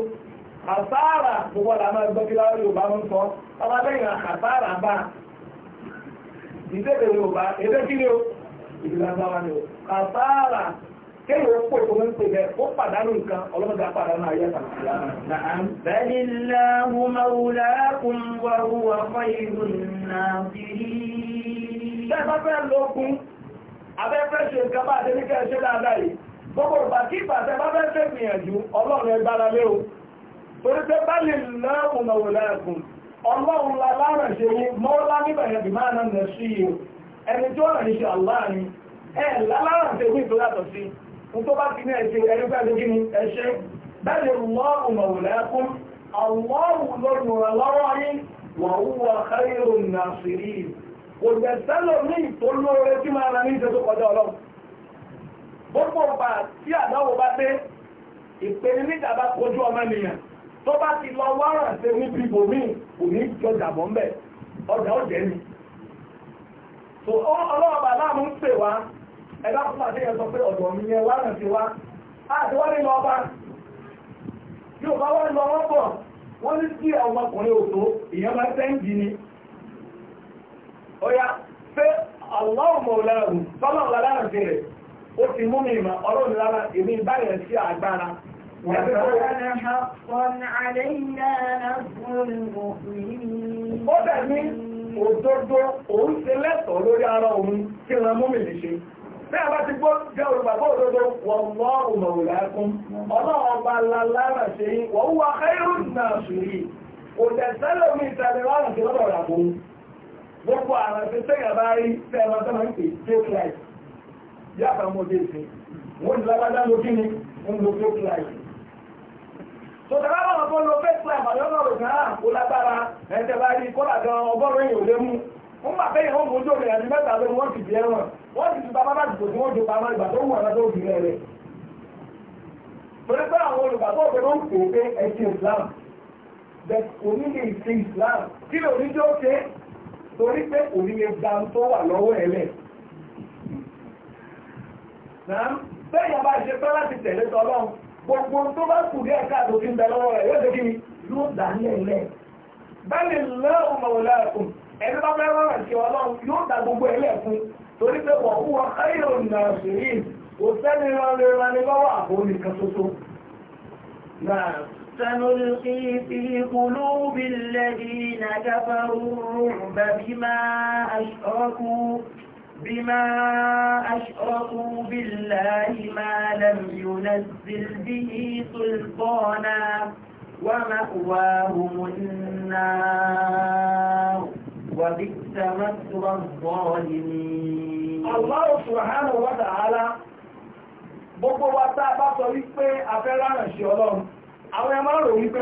Speaker 1: àsáàrà gbogbo làmọ́ ẹgbẹ́ ìdẹ́bẹ̀ yorùbá ẹgbẹ́ kí ni o ìdílágbára ni o kàtàrà kéèyàn pò tó ń pè bẹ́ ó pàdánù nǹkan ọlọ́mọdé apàdánù ayé kan. balillahu mawlakum wa huwa khayrun nasirin. bẹ́ẹ̀ bá fẹ́ lókun abẹ́fẹ́ ṣe nǹkan bá àti níkẹ́ ṣe dáadáa yìí gbogbo ìgbà kí ìpàṣẹ bá fẹ́ fẹ́ gbìyànjú ọlọ́run ẹgbára lé o torí pé balillahu mawlakum ọlọ́run lábára ṣe ní mọ́lá níbẹ̀rẹ̀ bí máa náà nà sí ìhò ẹni tí wọ́n rẹ̀ ṣe aláàrin ẹ̀ lálára ṣe wí tó yàtọ̀ sí ní tó bá ti ní ẹ̀ṣẹ́ ẹ̀rígbàgbé gíní ẹ̀ṣẹ́ bẹ́ẹ̀ lọ́rùn mọ̀wùlẹ́kún ọlọ́run lọ́rùn lọ́rọ̀ yín wà wúwa káyọ̀ nà sí ìhò kò jẹ́ sẹ́lọ̀ tó bá ti lọ wárà ṣe níbi ibòmíì kò ní jọjà bọ́ ń bẹ̀ ọjà ó jẹ́ mi tó ọlọ́ọ̀bà ń pè wá fún àti sọ pé ọ̀dọ̀ mi yẹn wárà ti wá àti wá bá lọ wọ́n bọ̀ wọ́n ní sí ọmọkùnrin òtó ìyẹn ni. pé ọlọ́ọ̀mọ̀ tọ́lọ̀ rẹ̀ ó ti mú mi ìmọ̀ وكان حقا علينا نصر المؤمنين òdodo òun ṣe lẹ́tọ̀ọ́ lórí ara òun kí ran mú mi lè ṣe bí a bá ti gbọ́ jẹ́ olùgbàgbọ́ òdodo wọ́n mọ́ òmòrò ẹkún ọlọ́run ọba lálára ṣe yí wọ́n wá ẹrù náà ṣùrí kò tẹ̀sẹ́lẹ̀ omi ìtàlẹ̀ lọ́rùn sí lọ́dọ̀ ìyàbò gbogbo tòtàrà bọ̀ bọ́ lọ fẹ́ pẹ́ àbàdàn náà rò náà kó lágbára ẹ̀ẹ́dẹ̀ bá rí kọ́là gan ọgọ́rùn èèyàn lé mú wọ́n máa fẹ́ ìhọ́n mojú rẹ̀ àti mẹ́ta lórí wọ́n ti di ẹ̀wọ̀n wọ́n ti ti bàbá bá dìbò tí wọ́n jò pamọ́ ìgbà tó wù wọn lọ́dọ̀ òbí rẹ̀ torí pé àwọn olùgbàgbọ́ òfin ló ń pè pé ẹ̀sìn Islam bẹ́ẹ̀ òní lè ṣe Islam kí lè òní jọ ṣe torí pé òní lè gba tó wà lọ́wọ́ ẹ̀ lẹ̀ bẹ́ẹ̀ yà bá ṣe pẹ́ láti tẹ̀lé tọ́lọ́run gbogbo tó bá kù ní ẹ̀ka àtòkí na bẹ lọ́wọ́ rẹ̀ yóò dékí yóò dà lẹ́lẹ̀ bẹ́ẹ̀ni lẹ́hùn mọ̀wòlá ẹni bá fẹ́ rọrùn sí ọlọ́run yóò gbogbo ẹlẹ́ fún torí pé wọ́n wọn sí yìí kò sẹ́ni lọ́wọ́ بما أشركوا بالله ما لم ينزل به سلطانا ومأواهم النار وبئس مثوى الظالمين الله سبحانه وتعالى gbogbo wa tá a bá sọ wípé afẹ́ ọlọ́run àwọn ẹmọ́ rò wípé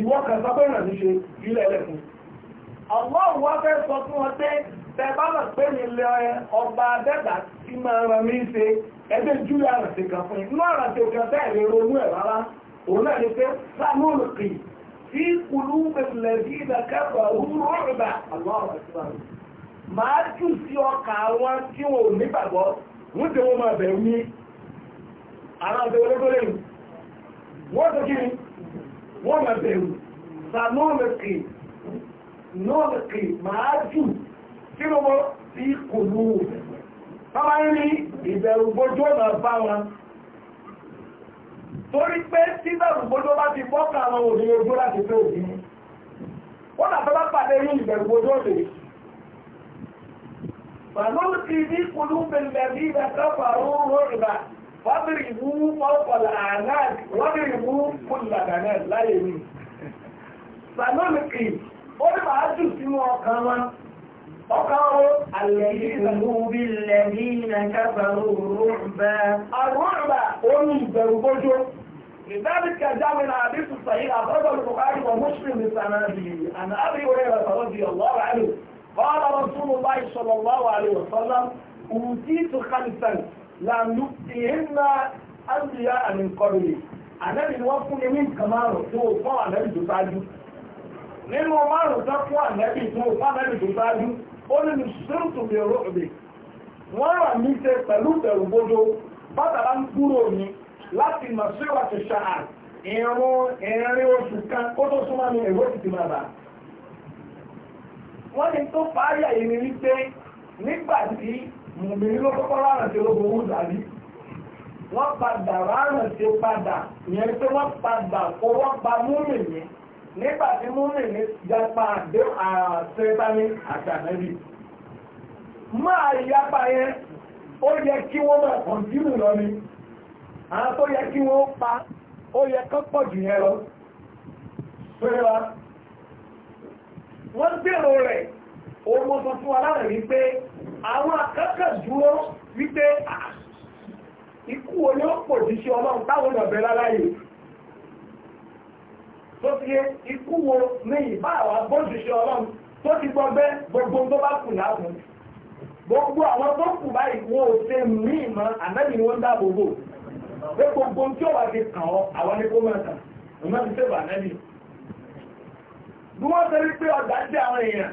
Speaker 1: ìwọ kan sábẹ́rẹ̀ ní ṣe ilẹ̀ ẹlẹ́kùn àwọn òwúwá fẹ́ sọ fún wọn pé tẹ bá lọ pé ní ilẹ̀ ọba adẹ́gbà tí máa ran mí ṣe ẹgbẹ́ júlẹ̀ àrànṣe kan fún inú àrànṣe kan bẹ́ẹ̀ lè ronú ẹ̀ rárá òun náà ni pé samuel kì í kulú mẹlẹ́bí ìdàkẹ́kọ̀ọ́ rúrùbà àwọn ọ̀rọ̀ ìsìlámù máa jù sí ọkà àwọn tí wọn ò nígbàgbọ́ wọ́n tẹ wọ́n máa bẹ̀rù ní àrànṣe ológólẹ́yìn wọ́n tó kí ni wọ́n mọ̀ bẹ̀rù sàmọ́mẹ̀kì nọ́ọ̀mẹ̀kì máa jù kí ló mọ́ sí kò lú bábá ń rí ìbẹ̀rù gbójú ọ̀nà bá wọn torí pé tí bẹ̀rù gbójú bá ti bọ́kà àwọn òdìyẹ ojú láti pé òbí wọ́n fọ́bìrì mú fọ́pọ̀lá ànáà rọ́bìrì mú kùlà gànáà láyé mi sanọ́lùkì ó ní máa jù sínú ọkàn wọn ọkàn ó àlẹ́yìn ìlú bí lẹ́yìn kábàrú rúrùbá àrùrùbá orí ìbẹ̀rù bójó لذلك جاء من حديث الصحيح أخرجه البخاري ومسلم بسنده عن أبي هريرة رضي الله عنه قال رسول الله صلى الله عليه وسلم أوتيت خمسا lànà ìhìnà àmìyá àmì kọ́rìnì ànábì ni wọ́n fún ní nǹkan márùn tó fún ànábì tó sáájú nínú márùn tó fún ànábì tó fún ànábì tó sáájú ó ní ní sírùtù mi rò rè wọ́n rà mí ṣe pẹ̀lú bẹ̀rù gbódó bátàlá ń kúrò mi láti mọ̀ sí wà ti ṣáà ìrún ìrìn oṣù kan kó tó súnmọ́ ní èrò ti ti máa bà wọ́n ní tó fàáyà yìí ni wípé nígbà tí mùmìnì ló kọ́kọ́ rárá tí ológun wọn dàbí wọ́n padà rárá tí ó padà yẹn pé wọ́n padà fọwọ́ pa múmìnì nígbà tí múmìnì japa àdé àṣẹ́tání àtànẹ́bí máa yapa yẹn ó yẹ kí wọ́n máa kọ̀ǹtínù lọ ni àwọn tó yẹ kí wọ́n pa ó yẹ kán jù yẹn lọ pé wa wọ́n gbèrò rẹ̀ owó tó fún aláàrẹ̀ wípé àwọn akẹ́kẹ̀ dúró wípé ikú olóòpò jíṣẹ́ ọlọ́run táwọn ọ̀bẹ̀ láláyè tó ti yé ikú wo ní ìbá àwọn agbóṣìṣẹ́ ọlọ́run tó ti gbọgbẹ́ gbogbo tó bá kù láàbùn gbogbo àwọn tó kù báyìí wọn ò ṣe mí ìmọ̀ ni wọ́n dáàbò bò pé gbogbo tí ó wà ti kàn ọ́ àwọn ní kó máa kàn ọmọ ti ṣèbà ànábì bí wọ́n ṣe rí pé ọjà jẹ́ àwọn èèyàn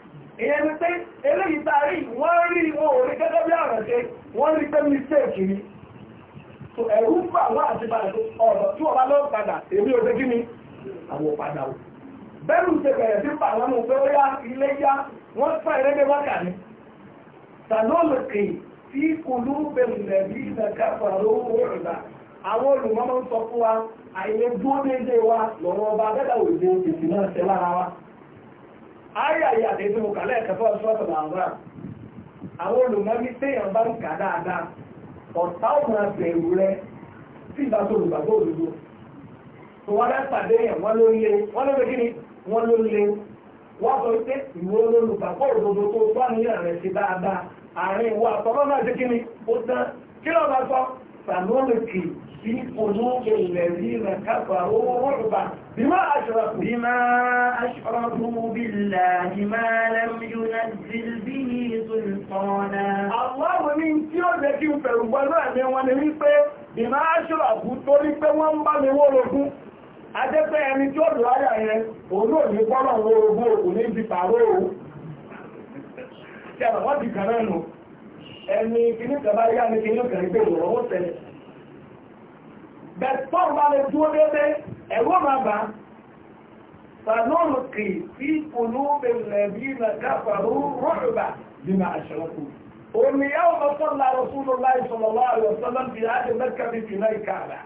Speaker 1: ìyẹn ni pé eléyìí tààrí wọ́n rí wọn ò rí gẹ́gẹ́ bí àrùn ṣe wọ́n rí pé mistake ni so ẹ̀rú bà wọ́n àti padà tó ọ̀dọ̀ tí wọ́n bá lọ padà èmi ni àwọn padà o bẹ́rù ṣe bẹ̀rẹ̀ sí pa àwọn ọmọ pé ó ilé yá wọ́n fẹ́ ẹ̀rẹ́gbẹ́ wákà ni sàlọ́ọ̀lùkì tí kùlú bẹ̀rẹ̀ bí ìdàkàfà lówó ìgbà àwọn wa ayé ayé àtẹ́sí mo kà lẹ́ẹ̀kẹ́fọ́ ṣọ́ọ̀tù làǹdà àwọn olùmọ́bí téèyàn bá ń kà dáadáa ọ̀tá ọ̀gbọ̀n àbẹ̀rù rẹ tí ìbá tó olùgbàgbọ́ òdodo tó wọ́n lápàdé yẹn wọ́n ló lé wọ́n ló lé kí ló lé wọ́n sọ pé ìwé olùgbàgbọ́ òdodo tó tó àníyàn rẹ̀ ṣe dáadáa àárín ìwọ àtọ́lọ́ náà ó tán kí bá sọ بما أشركوا بما أشركوا بالله ما لم ينزل به سلطانا الله من tí ni jẹ́ kí n fẹ̀rù gbọ́nà àmì wọn ni wípé pé wọ́n ń bá mi wó lógún adẹ́pẹ́ ẹni bẹ̀rẹ̀ tọ́rọ bá lè dúró dédé ẹ̀rọ máa bá sanúrùkì tí olóòbẹ̀lẹ̀bí na káfàrú rọ́rùbà bí máa ṣẹlẹ̀kù omi yàwó bá sọ́lá rọ̀súlù láì sọ̀lọ́lá àlọ́sọ́lá fi láti mẹ́kà bí fi láì kààbà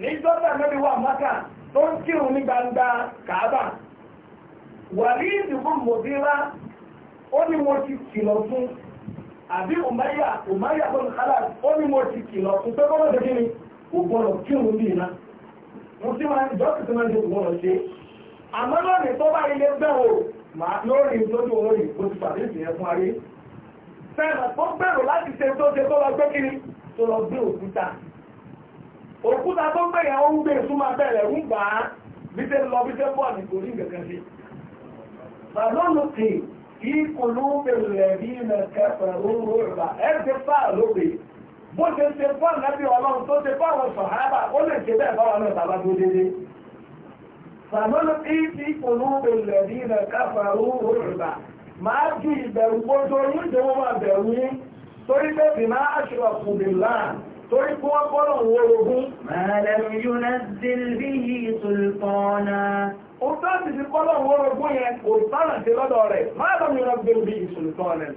Speaker 1: ní dọ́tà mẹ́bí wà mọ́kà tó ń kírun ní gbangba kààbà wà ní ìdìbò mòdíra ó ní mo ti kìlọ̀ fún àbí ni kò gbọ́dọ̀ kí òun bí iná mo ti máa ń jọ́sìn tí wọ́n ń gbọ́dọ̀ ṣe àmọ́ lónìí tó bá ilé bẹ̀rù màá lórí lójú olóyìn bó ti pàdé ìsìn fún ayé fẹ́ràn tó bẹ̀rù láti ṣe tó ṣe tó lọ gbé kiri tó lọ gbé òkúta òkúta tó gbẹ̀yà ó ń gbé súnmọ́ abẹ́rẹ̀ ń gbà á bí tẹ́ lọ bí tẹ́ bọ̀ ní kò rí nǹkan ṣe bàlónù kì í kò ló bẹ̀rù rẹ̀ bí nà kẹfẹ̀ rúrú rà ẹ̀ bó ṣe ṣe fún ànábì ọlọ́run tó ṣe fún àwọn sọ̀hábà ó lè ṣe bẹ́ẹ̀ báwa náà tàbá tó dédé. sàmúlò ìfì ìkùnú ìlẹ̀dí ilẹ̀ káfàrú òrùbà máa ju ìbẹ̀rù gbogbo yóò ṣe wọ́n máa bẹ̀rù yín torí pé máa aṣọ àkùnbìlá torí kí wọ́n bọ́lọ̀ ń wọ́rogún. màálẹ̀ yóò náà dé bí ìtòlùpọ̀nà. òun tó yẹn kò sánà sí lọ́dọ̀ rẹ̀ máa lọ́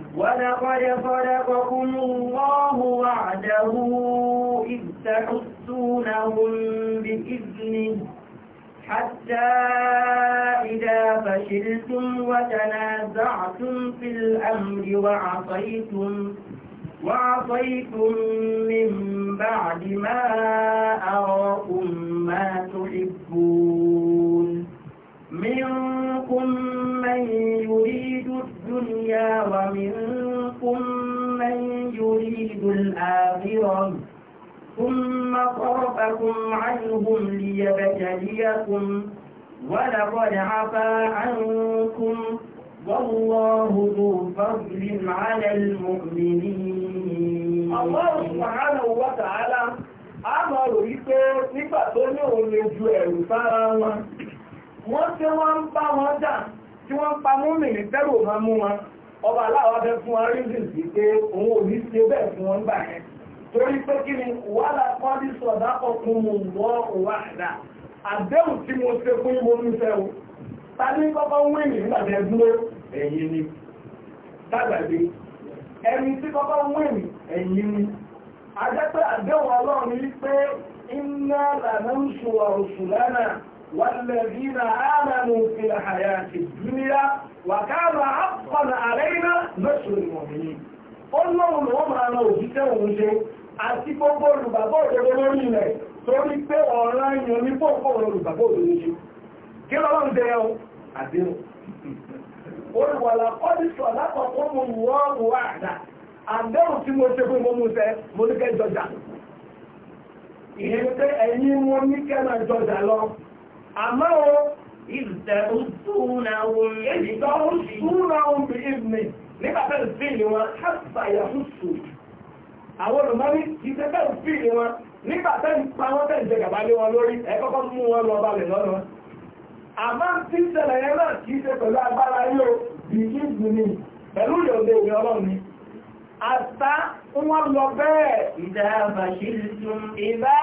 Speaker 1: ولقد صدقكم الله وعده إذ تحسونهم بإذنه حتى إذا فشلتم وتنازعتم في الأمر وعصيتم وعصيتم من بعد ما أراكم ما تحبون منكم من يريد الدنيا ومنكم من يريد الآخرة ثم صرفكم عنهم ليبتليكم ولقد عفا عنكم والله ذو فضل على المؤمنين الله سبحانه وتعالى أمر بك rò wípé nígbà tó wọ́n tí wọ́n ń bá wọn jà tí wọ́n ń pa múmìnì tẹ́rù ọmọ mú wọn ọba aláwọ̀ abẹ́ fún wọn sí pé òun ò fún wọn gbà yẹn torí pé kí ni wà ní sọ̀dá ọkùnrin mú wọ́ òwà àdá tí mo ṣe fún ìwọ o ta ní kọ́kọ́ wí dúró ẹ̀yìn ni ẹni tí kọ́kọ́ ẹ̀yìn ni a والذين آمنوا في الحياة الدنيا وكان حقا علينا نصر المؤمنين ọlọ́run lọ́wọ́ máa lọ òjíṣẹ́ òun ṣe àti gbogbo olùgbàgbọ́ òdodo lórí ilẹ̀ torí pé ọ̀rọ̀ ayàn ṣe kí lọ́wọ́n jẹ ẹun àdéhùn olùwàlà kọ́díṣọ̀ lápapọ̀ mo wọ́ wọ́ àdá àdéhùn àmọ́ o ìtẹ̀rùsúnàwòm ìtẹ̀rùsúnàwòm bí ìbìnì nígbà tẹ́lù fíìlì wọn hàbà yàhùsù àwọn olùmọ́rí ti tẹ́lù fíìlì wọn nígbà tẹ́lù pa wọ́n tẹ́lù jẹ gàbá lé wọn lórí ẹ̀kọ́kọ́ mú wọn lọ balẹ̀ lọ́nà àmọ́ tí ìṣẹ̀lẹ̀ yẹn náà kìí ṣe pẹ̀lú agbára yóò bí ìbìnì pẹ̀lú ìyọ̀dẹ̀ ìwé ọlọ́run ni àtà wọn lọ bẹ́ẹ̀ ìdá fàṣílítún ìdá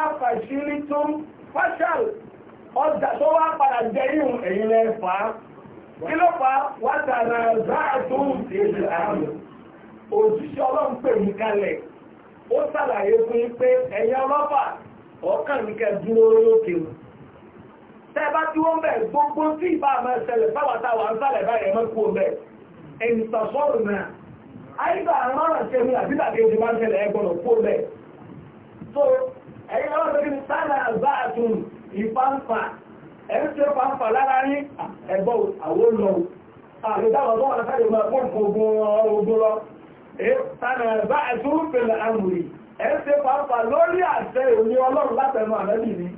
Speaker 1: ọjà tó wá padà jẹ yíò ẹ̀yìn lẹ fà kí ló fà á wátàrà záàtún èdè àmì òjíṣẹ́ ọlọ́run pè ní kalẹ̀ ó sàlàyé fún pé ẹ̀yìn ọkàn ní kẹ dúró tẹ́bá tí wọ́n bẹ̀ gbogbo tí ìbá àmọ́ ẹsẹ̀lẹ̀ báwàtàwà ń sàlẹ̀ báyẹ̀ ìfáǹfà ẹ̀ṣẹ́ fáǹfà lára rí ẹ̀bọ́ àwọ́lọ́ àrídáwọ̀ tó wọ́n sáré máa pọ̀ ogun ogun lọ tàbí bá ẹ̀ṣẹ́ rúfèlẹ̀ àmùrì ẹ̀ṣẹ́ fáǹfà lórí àṣẹ òní ọlọ́run látẹnu àrẹ́bì ni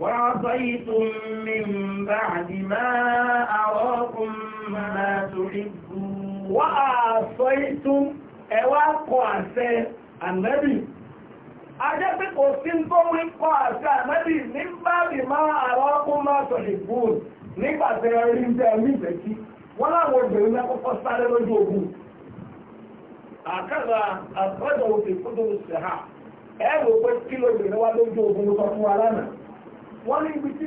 Speaker 1: وعصيتم من بعد ajẹ́ pé kò sí tó ń kọ́ àti àmẹ́bì nígbà bí máa àwọn ọkùn máa tọ̀lẹ̀ fún nígbàtẹ̀ rí ń bẹ́ẹ̀ wọ́n láwọn obìnrin mẹ́kọ́kọ́ sáré lójú ogun òfin fún tó ha ẹ̀rù pé kí n'oge lójú ogun ló sọ fún wa wọ́n ní ibi tí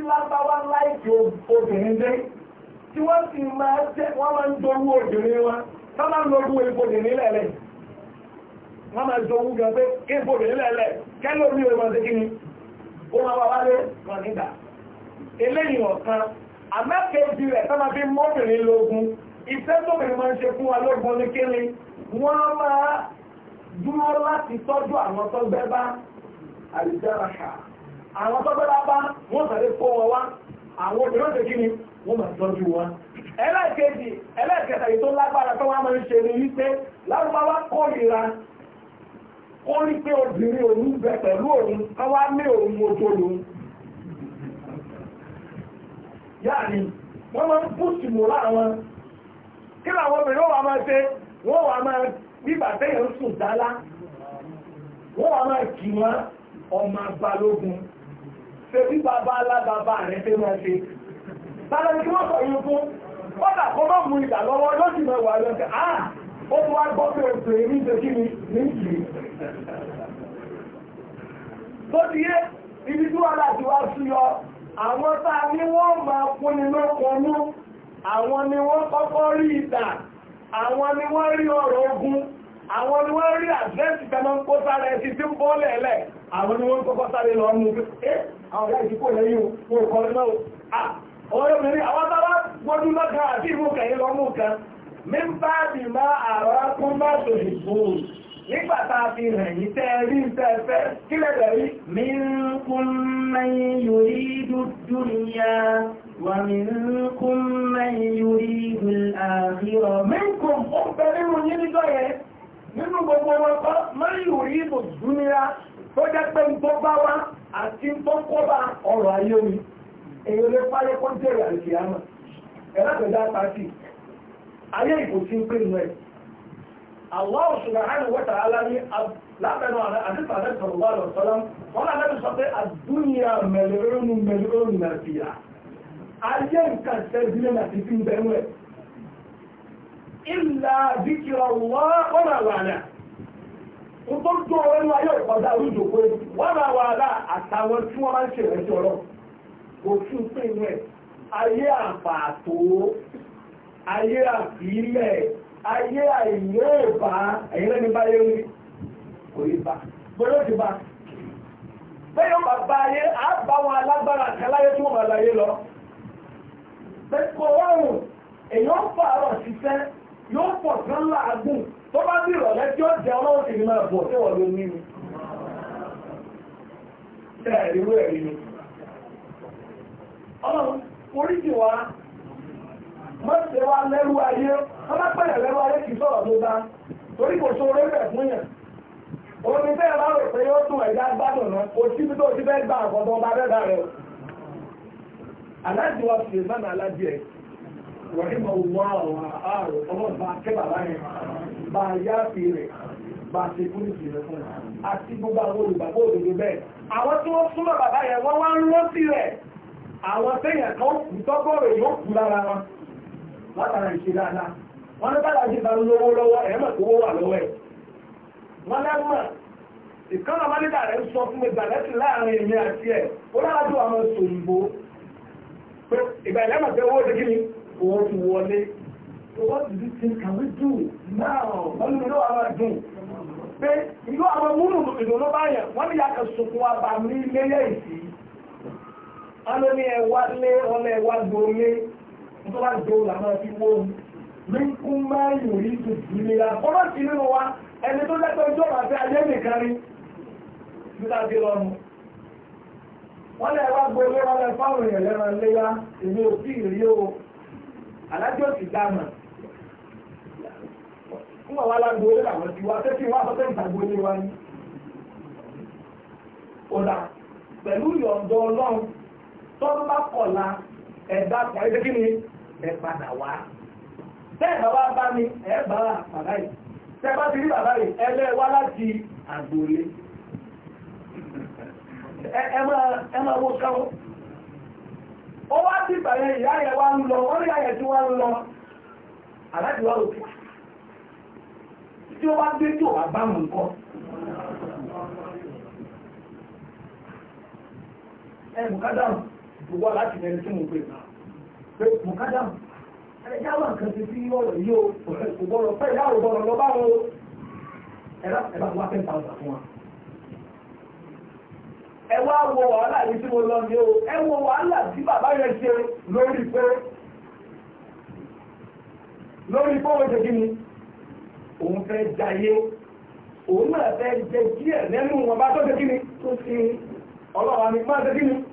Speaker 1: wọ́n máa jọ oúnjẹ pé kébò rẹ̀ lẹ́lẹ̀ kẹ́lò ní ọmọ ṣe kíni ó máa wà wálé kan nígbà eléyìí ọ̀kan àmẹ́kẹ́jì rẹ̀ tọ́mà fi mọ́bìnrin lógún iṣẹ́ tóbìnrin máa ń ṣe fún wa lógún ní kíni wọ́n máa dúró láti tọ́jú àwọn tọ́gbẹ́ bá àlùjáraṣà àwọn tọ́gbẹ́ tó lágbára tó wá máa ń ṣe ni wípé lárúbáwá kórìíra ó rí pé obìnrin òun bẹ pẹ̀lú òun káwá ní òun ojú òun wọ́n máa ń púùsì mò wọn. kí làwọn obìnrin wà máa ṣe wọ́n wà máa bíbà tẹ́yẹ̀ ń sùn dálá wọ́n wà máa kì wọ́n ọmọ balógun ṣe bí bàbá alábàbà rẹ̀ máa ṣe kí wọ́n sọ fún wọ́n tàkọ́ mọ́ mú lọ́sì ah! ó tún wá gbọ́ pé òṣè ní ṣe kí ni ní ìlú tó ti yé ibi tí wọ́n láti wá sí yọ àwọn tá a ní wọ́n máa fúnni lókunú àwọn ni wọ́n kọ́kọ́ rí ìdà àwọn ni wọ́n rí ọ̀rọ̀ ogun àwọn ni wọ́n rí àdírẹ́sì tẹ́mọ́ ń kó sáré ẹ̀sì tí ń bọ́ lẹ̀ẹ́lẹ̀ àwọn ni wọ́n kọ́kọ́ sáré lọ mú pé àwọn ọ̀gá ìdíkò lẹ́yìn òun kọ́ lọ́wọ́ ah, ọ̀rọ̀ mẹ́rin àwọn tábà gbọ́dún lọ́kàn àti ìmú kẹ̀yìn lọ́mú kan mímbá bí má àrọ́ kún bá tó ìbò nígbà tá a fi hàn yí tẹ́ rí tẹ́ fẹ́ kí lẹ́gbẹ̀ẹ́ rí. mi ń kún mẹ́yìn yorí dúdú níyà wà mí ń kún mẹ́yìn yorí àfihàn. mi ń kún ó bẹ nínú yín níjọ́ yẹn nínú gbogbo wọn mẹ́yìn yorí dúdú níyà tó jẹ́ pé ayé ìbò tí ń pè nù ẹ̀ Allah subhanahu wa ta'ala ní lábẹ́nu àdìsá àdìsá sallallahu alaihi wasallam wọn náà lẹ́nu sọ pé àdúnyà mẹlẹ́rọ́nù mẹlẹ́rọ́nù nà fi à ayé nǹkan sẹ́gbìlẹ̀ nà ti fi ń bẹ̀rù ẹ̀ ìlà dìkìrọ̀ wọ́n ọ̀nà wà náà tó ọ̀rẹ́ ayé àfihílẹ̀ ayé àìyẹ́ ẹ̀yìn lẹ́ni bá yé rí gbọ́dọ̀ ti bá bẹ́yọ̀ bàbá ayé àbáwọn alágbára àkàláyé tó wà láyé lọ pẹ̀kọ̀ èyàn èyàn fàárọ̀ ṣiṣẹ́ yóò pọ̀ tán láàgùn tó bá bí ìrọ̀lẹ́ tí ó jẹ ọlọ́run máa bọ̀ tí wọ́n ló ní ni ẹ̀rí ni ọlọ́run mọ́sẹ̀ wa lẹ́rú ayé ọlọ́pẹ̀lẹ̀ lẹ́rú ayé kì í sọ̀rọ̀ tó dá torí kò so orí omi tẹ́ ẹ bá rò pé ó tún ẹ̀dá gbádùn náà kò sí tó ti fẹ́ gba ọba rẹ̀ o aláàjì wa fi yá fi rẹ̀ bá fún àti gbogbo àwọn olùgbàgbọ́ òdodo bẹ́ẹ̀ àwọn tí wọ́n súnmọ́ bàbá yẹn wọ́n wá ń lọ sí rẹ̀ àwọn téèyàn kan látara ìṣe dáadáa wọ́n ní bára ṣe lówó lọ́wọ́ ẹ̀mọ̀ tó wà lọ́wọ́ ẹ̀ wọ́n lẹ́mọ̀ ìkànnà mọ́lẹ́dà rẹ̀ sọ fún mi gbàlẹ́sì láàrin èmi àti ẹ̀ ó láàájú àwọn sòyìnbó pé ìgbà ìlẹ́mọ̀ kíni ti wọlé so what do you think can we do now wọ́n ní àwọn dùn pé ìlú àwọn ìdùnnú wọ́n ní yàtọ̀ sunkún lé tó bá jọ làmọ́ fi wó ohun ní kún máa yòó ní tó ìlera ọmọ sí nínú wa ẹni tó lẹ́tọ̀ọ́ ìjọba àti ayé nìkan rí nígbà tí lọ́nu wọ́n lè wá gbogbo wọn lè fáwọn èèyàn lẹ́ran léyá èmi ò tí ì rí o alájọ́ sì dáàmà fún àwọn alágbó olè àwọn ti wá tẹ́tí wá sọ́tẹ́ ìtàgbó olè wa ní. ọ̀dà pẹ̀lú ìyọ̀ǹdọ̀ ọlọ́run tọ́dún bá kọ̀la ẹ̀dá pàdé kí ni ẹ wá bẹ́ẹ̀ bá wá bá bàbá yìí ti rí bàbá yìí ẹ láti àgbòlé ẹ wo wá sí ìyá wá lọ wọ́n ní ayẹ̀ tí wọ́n lọ aláàdìwá òkè tí ó wá dé tí ò wá bá mú mo wá láti tí mo pè náà pé mo ká dáhùn ẹ̀rẹ́ jáwọ́ nǹkan ti sí ọ̀rọ̀ yìí o kò gbọ́dọ̀ pẹ́ ìyá ò gbọ́dọ̀ lọ bá wọn o ẹ̀rá ẹ̀rá wá ten thousand fún wa. ẹ wá wo wàhálà yìí tí mo lọ ní o ẹ wo wàhálà tí bàbá yẹn ṣe lórí pé lórí pé òun ṣe kí ni òun fẹ́ jayé òun náà fẹ́ jẹ díẹ̀ lẹ́nu wọn bá tó ṣe kí ni tó ṣe ọlọ́wà ni má ṣe kí ni.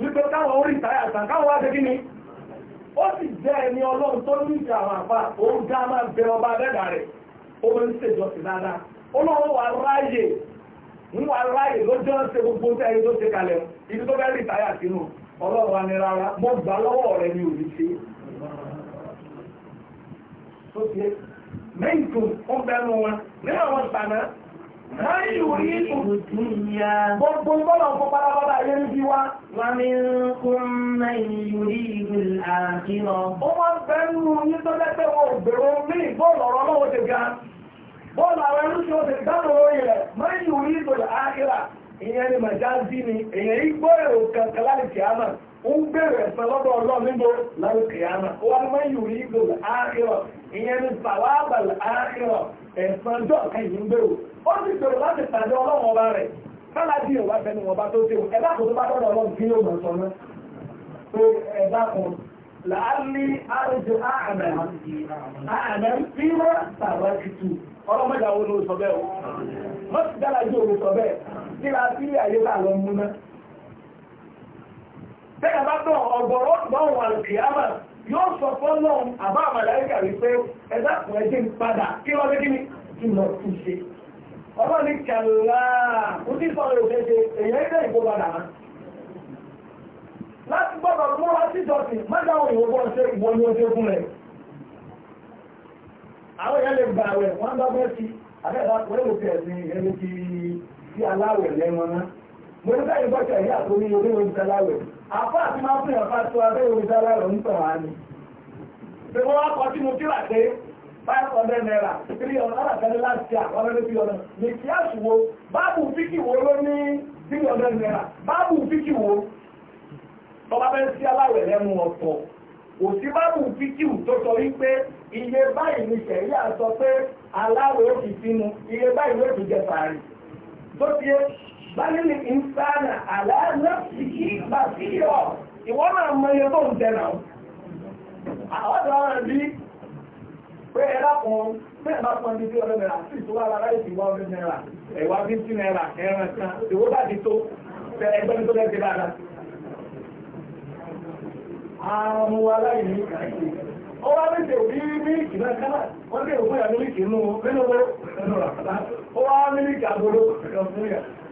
Speaker 1: wípé káwọn orí ìtàyà àtàn káwọn wá ṣe ó sì jẹ́ ẹni ọlọ́run tó ní ìjà àpá òun máa bẹ ọba dẹ́dà rẹ̀ ó máa ń ṣèjọsìn dáadáa ọlọ́run wà ráyè ń wà ráyè lọ́jọ́ ṣe gbogbo ṣe ẹni tó ṣe kalẹ̀ ibi tó fẹ́ rí ìtàyà sínú ọlọ́run wa ní rárá mo gbà lọ́wọ́ rẹ̀ ni ṣe Gbogbo bọ́lọ̀ fún pálábọ́lá ayé ní bí wá. Wà ní kún mẹ́rin yìí ìlú àkílọ. Ó wá bẹ̀rù ní tó lẹ́pẹ́ wọn ò bẹ̀rù mí bọ́ọ̀lù ọ̀rọ̀ lọ́wọ́ ti ga. Bọ́ọ̀lù àwọn ẹlú tí ó Ìyẹn ni Màjáàzí ni, èyàn igbó èrò kankan láti kìámà. Ó ń bèrè ẹ̀sán lọ́dọ̀ Ọlọ́run níbo láti kìámà. Ó wá ní mẹ́rin yìí ìlú ẹ̀fọn ọjọ́ ẹ̀yìn ń bẹ̀rù ó sì bẹ̀rù láti pàdé ọlọ́run ọba rẹ̀ kálá bí ìwà fẹnu ọba tó kò tó bá ọlọ́run kí mọ̀ sọ kan àrùjọ àmẹ́ àmẹ́ fíwọ́ tàbá bẹ́ẹ̀ o wọ́n ti dára ju olóòsọ bẹ́ẹ̀ síra sí àyè bá lọ mú bẹ́ẹ̀ bá tọ̀ gbọ́n wà yóò sọ fọ́lọ́ àbá àmàlàríkà wípé ẹ̀dá kan ẹjẹ́ ń padà kí wọ́n lékí ní ìlọ tún ṣe ọmọ ní kàlá ó ti sọ̀rọ̀ òṣèṣe èèyàn ẹgbẹ́ ìbò padà wá láti gbọ́dọ̀ mú wá sí ìjọsìn mọ́jà òun ìwọ́n bọ́ọ̀ ṣe ìwọ ni ó ṣe fún rẹ̀ àwọn èèyàn lè gbà rẹ̀ wọ́n bá bẹ́ẹ̀ sí àbẹ́ẹ̀dá pẹ̀lú òfin ẹ̀sìn ẹni tí aláwẹ̀ lẹ́wọ̀n náà mo ní káyọ̀ bọ́ọ̀ṣẹ̀ yìí àtòrí orí oúnjẹ aláwẹ̀ àpá àti máa fún ìyànfà tó abẹ́ òrìṣà lọ́rọ̀ ń tọ̀ wá ní. pé wọ́n wá kọ sínú kíra pé five hundred naira three hundred naira tẹ́lẹ̀ láti àkọ́ lọ́dún three hundred ní kí á ṣùwò báàbù fíkì wo ló ní three hundred naira báàbù fíkì wo tọ́ba bẹ́ẹ̀ sí aláwẹ̀ lẹ́nu ọ̀pọ̀ òsì báàbù fíkìù tó sọ wípé iye báyìí ni sẹ̀ríà sọ pé aláwẹ̀ ó fi sínú iye báyìí ló fi jẹ fàárì tó ti báyìí ní ìsáànà àlàáfíà sí kí bá sí yọ ìwọ́n náà mọ iye tó ń tẹ̀nà àwọn tó wọ́n rí pé ẹ̀rá kan bẹ́ẹ̀ bá pọn ní bí ọ̀rẹ́ náírà sí ìtura ara láì fi wá ọ̀rẹ́ náírà ẹ̀wá bí sí náírà ẹran kan ìwó bá ti tó ẹgbẹ́ ní tó lẹ́sẹ̀ dáadáa. àrùn wa láì ní kàkiri ó wá ní tèwú ní mílíkì náà kánà wọ́n tèwú fún ìyá mílíkì nínú nínú ó wá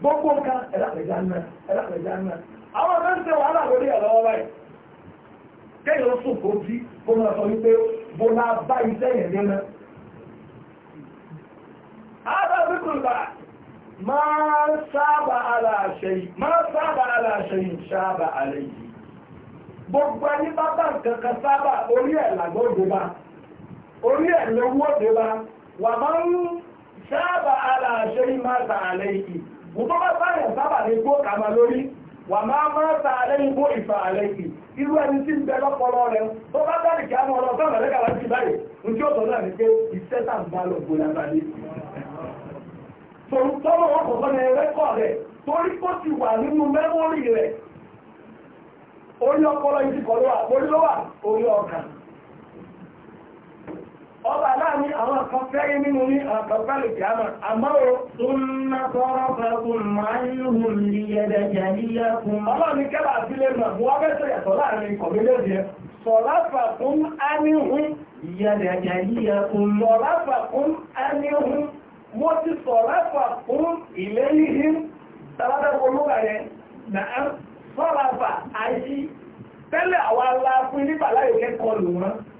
Speaker 1: gbogbo nǹkan ẹ̀dàpẹ̀já náà ẹ̀dàpẹ̀já náà àwọn ọ̀gá ń tẹ wàhálà lórí ẹ̀rọ ọ̀rọ̀ ẹ̀ kéèyàn sùn kó jí kó máa sọ wípé bó máa bá iṣẹ́ yẹn nínú. Ààbà bíkùnbà máa sábà aláṣẹ yìí, máa sábà aláṣẹ yìí sábà alẹ́ yìí. Gbogbo ẹni bá bá nǹkan kan sábà orí ẹ̀ làgbọ́dé bá, orí ẹ̀ lówó dé bá, wà máa ń sábà aláṣẹ yìí máa sà alẹ́ yìí. mùtọ́bá sáyẹ̀ sábà lè gbó kàmà lórí wà máa máa ta alẹ́ igbó ìfà irú ẹni tí ń bẹ rẹ tó bá kí sọ́nà báyìí ní náà ní pé ń bá lọ wọn torí kó ti wà nínú mẹ́mórì orí ọpọlọ ọba láàrin àwọn kan fẹ́rẹ́ nínú ní àkọ́kọ́lù tí a mọ̀ àmọ́ o tó ń ná sọ́rọ́ fẹ́kùn máa ń hù ní ẹ̀dẹ̀ jẹ̀níyẹ fún ọlọ́run kẹ́lá sílé mọ̀ wọ́n fẹ́ sọ̀rọ̀ láàrin kọ̀mílẹ́dì ẹ̀ sọ̀rọ̀ ánihun ìyẹ̀dẹ̀ jẹ̀níyẹ fún sọ̀rọ̀ fẹ́kùn ánihun mo ti sọ̀rọ̀ fẹ́kùn ìlẹ́yìn tàbátẹ́kọ̀ọ́lùwà rẹ̀ nà sọ̀rọ̀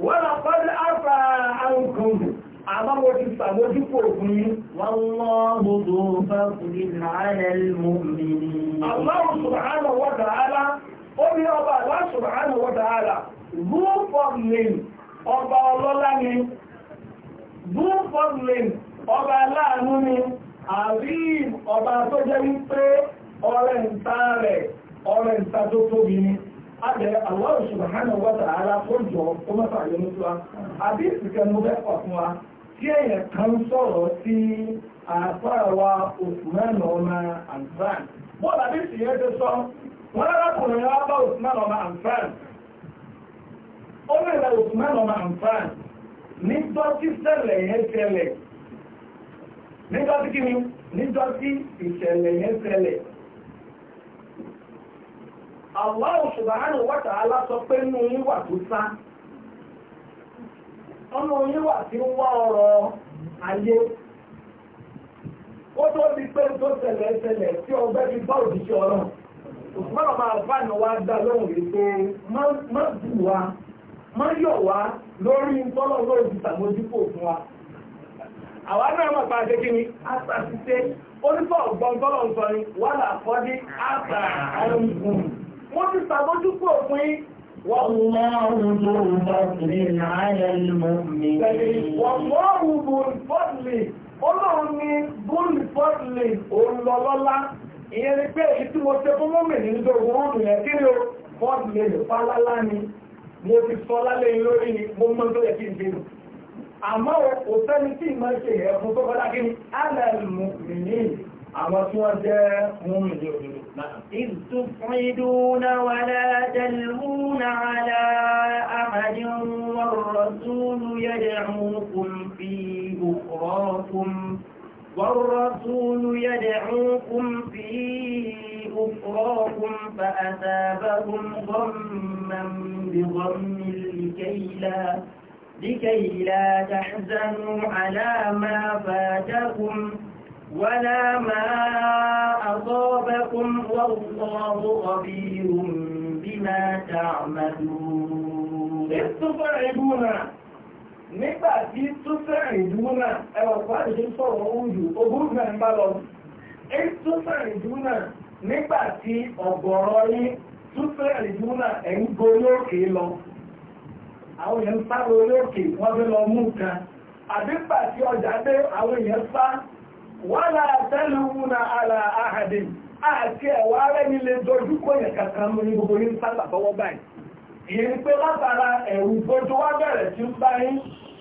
Speaker 1: wọ́n lọ́pọ̀lú àpá àrùnkùn àmọ́ mo ti sàmójúkò òkun wọ́n lọ́gbọ́n tó bá kùnrin ní ọba Allah subhanahu wa ọba ọlọ́lá ni rúfọ́gbìn ọba aláàánú ni àríìm ọba tó jẹ́ wípé ọrẹ̀ ìta rẹ̀ ọrẹ̀ abẹ àwọn subhanahu wa ta'ala kó jọ kó mẹ́fà yẹnu tó àbí ìsìnkẹ́ mo bẹ́ pọ̀ wa tí èèyàn kan sọ̀rọ̀ sí àfáàwà ọmọ bọ́ọ̀lù àbí ìsìnkẹ́ sọ wọn arákùnrin wa bá ọmọ ó lè ọmọ yẹn Allahu subhanahu wa ta'ala sọ pé nínú yín wà tó sá ọmọ yín wà tí ń wá ọrọ̀ ayé ó tó di pé tó ṣẹlẹ̀ ṣẹlẹ̀ tí ọgbẹ́ fi bá òjíṣẹ́ ọ̀rọ̀ wa dá lóhùn rí má dù wá má yọ̀ wá lórí tọ́lọ̀ lórí ti fún wa àwa náà mọ̀ pa àṣẹ kíni ni mo ti sàmójúkú òfin Wọ́n mọ́ òun fọ́dìlì láàrẹ ìlúmọ̀mí. Wọ́n mọ́ òun fọ́dìlì, ọlọ́run ni bóòlì fọ́dìlì òun lọ lọ́lá. Ìyẹn ni pé èyí tí mo ṣe fún mọ́mì ní ìjọ òun rùn yẹ kí ni ó fọ́dìlì lè fálálá ni. Mo ti sọ lálẹ́ lórí ni mo mọ́ tó yẹ kí n dínú. Àmọ́ òfẹ́ni tí ìmọ̀ ṣe ẹ̀fún tó kọ́lá kí ni, á إذ تصعدون ولا تلهون على أحد والرسول يدعوكم في أخراكم والرسول يدعوكم في أخراكم فأثابهم غما بغم لكي لا لكي لا تحزنوا على ما فاتكم ولا ما أصابكم والله خبير بما تعملون استطعبون nígbà tí túnfẹ̀rìn dúnà ẹwà pàdé sọ̀rọ̀ oúnjù ogún mẹ́rin bá lọ túnfẹ̀rìn dúnà nígbà tí ọ̀gọ̀rọ̀ yí àwọn èèyàn sá gorí òkè wọ́n fẹ́ lọ mú nǹkan àdígbà tí ọjà dé àwọn èèyàn sá wàlá tẹ́lúwúna àlà àhàdì àti ẹ̀wà rẹ̀ nílé dojú kò kankan ló ní gbogbo yín sábà tọwọ́ báyìí ìyẹn ni pé látara ẹ̀rù bójú wá bẹ̀rẹ̀ tí ń bá yín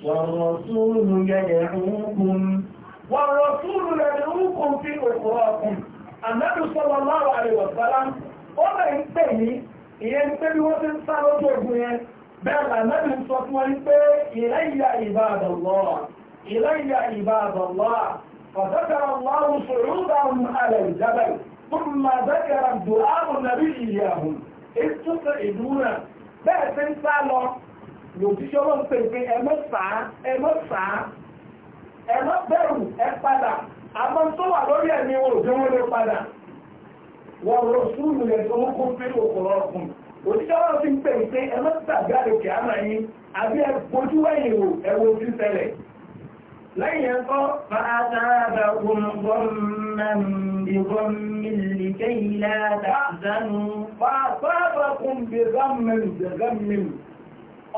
Speaker 1: wọ̀rọ̀ túnú yẹ̀yẹ̀ rúkún wọ̀rọ̀ túnú fi òkúrọ̀ ọkùn ó ń pè ni pé bí wọ́n ti ń sá lójú ogun yẹn bẹ́ẹ̀ sọ فذكر الله صعودهم على الجبل ثم ذكر دعاء النبي إياهم إذ تصعدون bẹ́ẹ̀ tí ń sá lọ lòjíṣẹ́ ló ń pè pé ẹ má sá ẹ má sá ẹ má bẹ̀rù ẹ padà àmọ́ tó wà lórí ẹ̀mí wọn òjò wọn lè padà wọ́n lọ sùúrù ti ليقف فأثابهم لا تحزنوا فأصابكم بضم بضم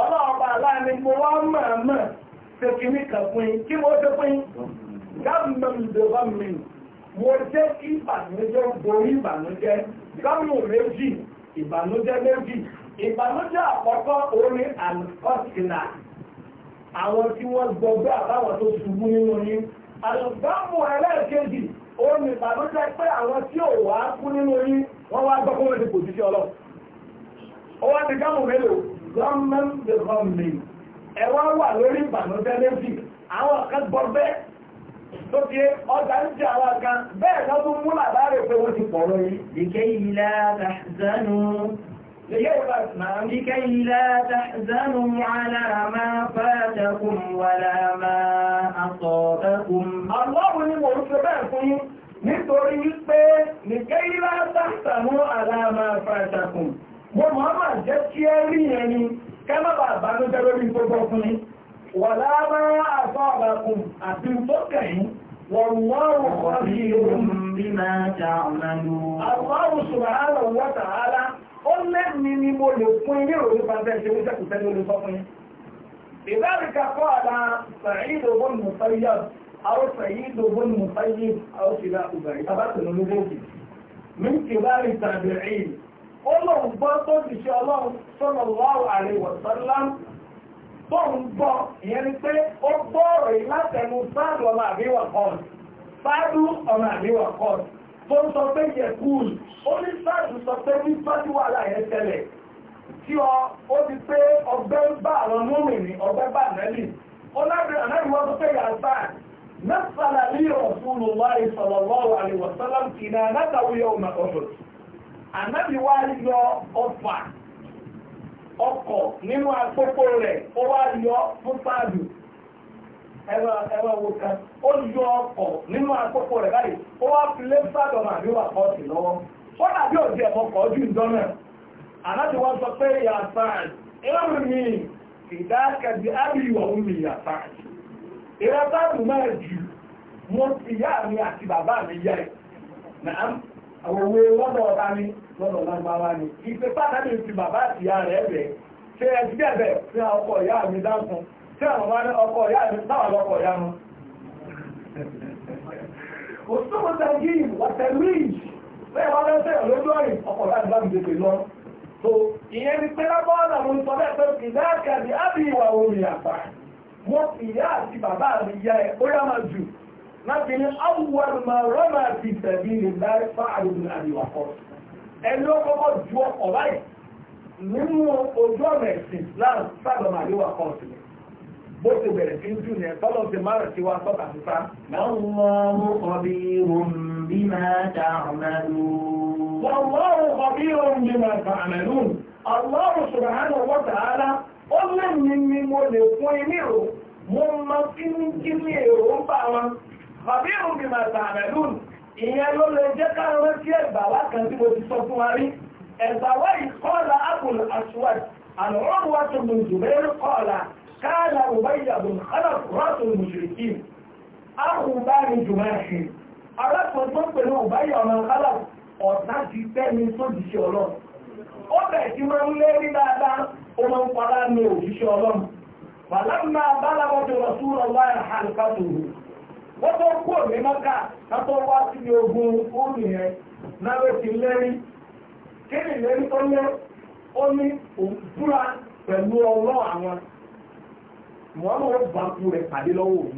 Speaker 1: ọlọ́ọ̀pá aláàrin mo wá máa máa ṣe kìíní kàpín kí mo ṣe pín government development mo jẹ́ kí ìbànújẹ́ borí ìbànújẹ́ government méjì ìbànújẹ́ méjì ìbànújẹ́ àkọ́kọ́ orin and àwọn tí wọ́n gbọgbẹ́ àbáwọn tó ṣubú nínú yín àlùbámu ẹlẹ́ẹ̀kejì ó ní ìbànújẹ́ pé àwọn tí ò wá kú nínú yín wọ́n wá gbọ́ fún ẹ̀dẹ̀ pòjúṣe ọlọ́run ó wá ti gámù mélòó gọ́ọ̀mẹ́n the government ẹ wá wà lórí ìbànújẹ́ méjì àwọn kan gbọgbẹ́ tó ti ọjà ń jẹ àwọn kan bẹ́ẹ̀ lọ́dún لكي لا تحزنوا على ما فاتكم ولا ما أصابكم الله ni mo ṣe bẹ́ẹ̀ fún yín nítorí wípé لكي لا تحزنوا على ما فاتكم mo máa máa jẹ́ kí ẹ rí yẹn ni ká má bàa bá ló jẹ́ lórí gbogbo fún yín wà láàmà àtọ́ àbàkùn àti tó kẹ̀yìn Wọ̀lọ́rù kọ́bí bí máa ta ọ̀nà lò. Àwọ̀rù subhanahu wa ta'ala, ó lẹ́ni ni mo lè fún ilé ìròyìn pàtẹ́ ṣe oúnjẹ́kùtẹ́ ló lè sọ fún yín. Ìbáríkà kọ́ àdá Sa'id ibn Musayyab, àwọn Sa'id ibn Musayyib, àwọn tó ń gbọ́ ìyẹn ni pé ó gbọ́ọ̀rọ̀ yìí látẹnu sáàdù ọmọ àbíwà kan sáàdù ọmọ àbíwà kan tó ń sọ pé yẹ kúùl ó ní sáàdù sọ pé ní fájú wà láyé tẹ́lẹ̀ tí ọ ó ti pé ọgbẹ́ ń bá àwọn mọ́mìnì ọgbẹ́ bá nẹ́lì ó lábẹ́ ànáìwọ́ tó pé yà sáà مثل لي رسول الله صلى الله عليه وسلم كنانته يوم أحد النبي وارد ọfà ọkọ̀ nínú agbókò rẹ̀ ó wá yọ fún páàdù ẹwà kan ó yọ ọkọ̀ nínú agbókò rẹ̀ báyìí ó wá fi lé páàdù ọmọ àríwá lọ́wọ́ ó dàbí òjì ojú ìjọ́nà àláti wọ́n sọ pé ìyá sáàd ìrọ̀rùn mi ìdákẹ́bí ìyá sáàd ìyá sáàd máa jù mo ìyá mi àti bàbá mi yá ẹ̀ nà lọ́dọ̀ lágbára ni ìpé pàtàkì ti bàbá àtìyá rẹ̀ rẹ̀ ṣe ẹjú gẹ̀bẹ̀ sí ọkọ̀ ìyá mi dákun tí àwọn bá ní ọkọ̀ ìyá mi táwà lọ́kọ̀ ìyá mi òṣùwò tẹ̀gí wọ̀tẹ̀lú ìjì bẹ́ẹ̀ wọ́n lọ́sẹ̀ lójú ọ̀rìn ọkọ̀ láti ní awùwà màrọ́mà ti tẹ̀bí lè láì fáàlù àdìwà kọ́sù ẹni ó kọ́kọ́ ju ọkọ̀ báyìí nínú ojú ọ̀nà ẹ̀sìn Islam sábàmà yóò wà kọ́ sílẹ̀ bó ti bẹ̀rẹ̀ sí jù ní ẹ̀tọ́ lọ́sẹ̀ márùn sí wa tọ́ka síta. Wallahu khabirun bima ta'malun. Wallahu khabirun bima ta'malun. Allahu subhanahu wa ta'ala ó lè ní ní mo lè fún ilé ìrò mo máa fi ń kí ní èrò ń bá wọn. Khabirun bima ta'malun. ìyẹn ló lè jẹ́ káàrọ̀ sí ẹ̀bàwá kan tí mo ti sọ fún wa rí ẹ̀bàwá ìkọ́ọ̀lá apple aswad àná wọ́n wá tó lu jùmẹ́rì kọ́ọ̀lá káàlà òbá ìyàbò kọ́lá rọ́ọ̀tò mùsùlùmí àrùbá ni jùmẹ́rì arákùnrin tó pè ní kọ́lá ọ̀tá ti tẹ́ni tó jìṣẹ́ ọlọ́run ó bẹ̀ tí máa ń lé wọ́n tó kú òní mọ́kà látọ́ wá sí ní ogun oòrùn yẹn náà ti lérí kí ni lérí tó lé ó ní pẹ̀lú ọlọ́ àwọn rẹ̀ pàdé lọ́wọ́ òun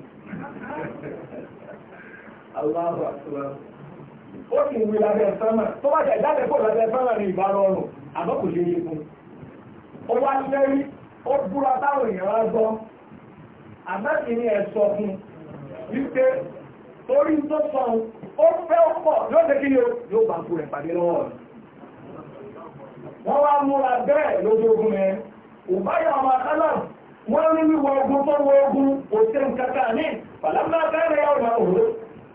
Speaker 1: ó sì wí lábẹ́ sánmà tó bá jẹ́ ìdájẹ́ pọ̀ lábẹ́ sánmà ní ìbára ọrùn kò wípé torí tó sọ̀rọ̀ ó fẹ́ pọ̀ yóò ṣe kí yóò bá kú rẹ̀ pàdé lọ́wọ́ rẹ̀ wọ́n wá múra bẹ́ẹ̀ lójoogun rẹ̀ òbáyà ọmọ akálà wọ́n ní wíwọ ogun tó wọ ogun òṣèlú kàkà ní pàlámà bẹ́ẹ̀rẹ̀ ọ̀rọ̀ òhó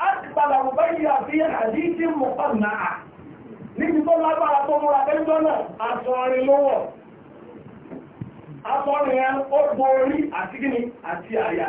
Speaker 1: àtìpàlà òbáyà fi àdíjì mọ̀pá náà níbi tó lágbára tó múra bẹ́ẹ̀jọ́ náà àtọ̀rin lówọ̀ àtọ̀rin ẹ̀ ó borí àti kíni àti àyà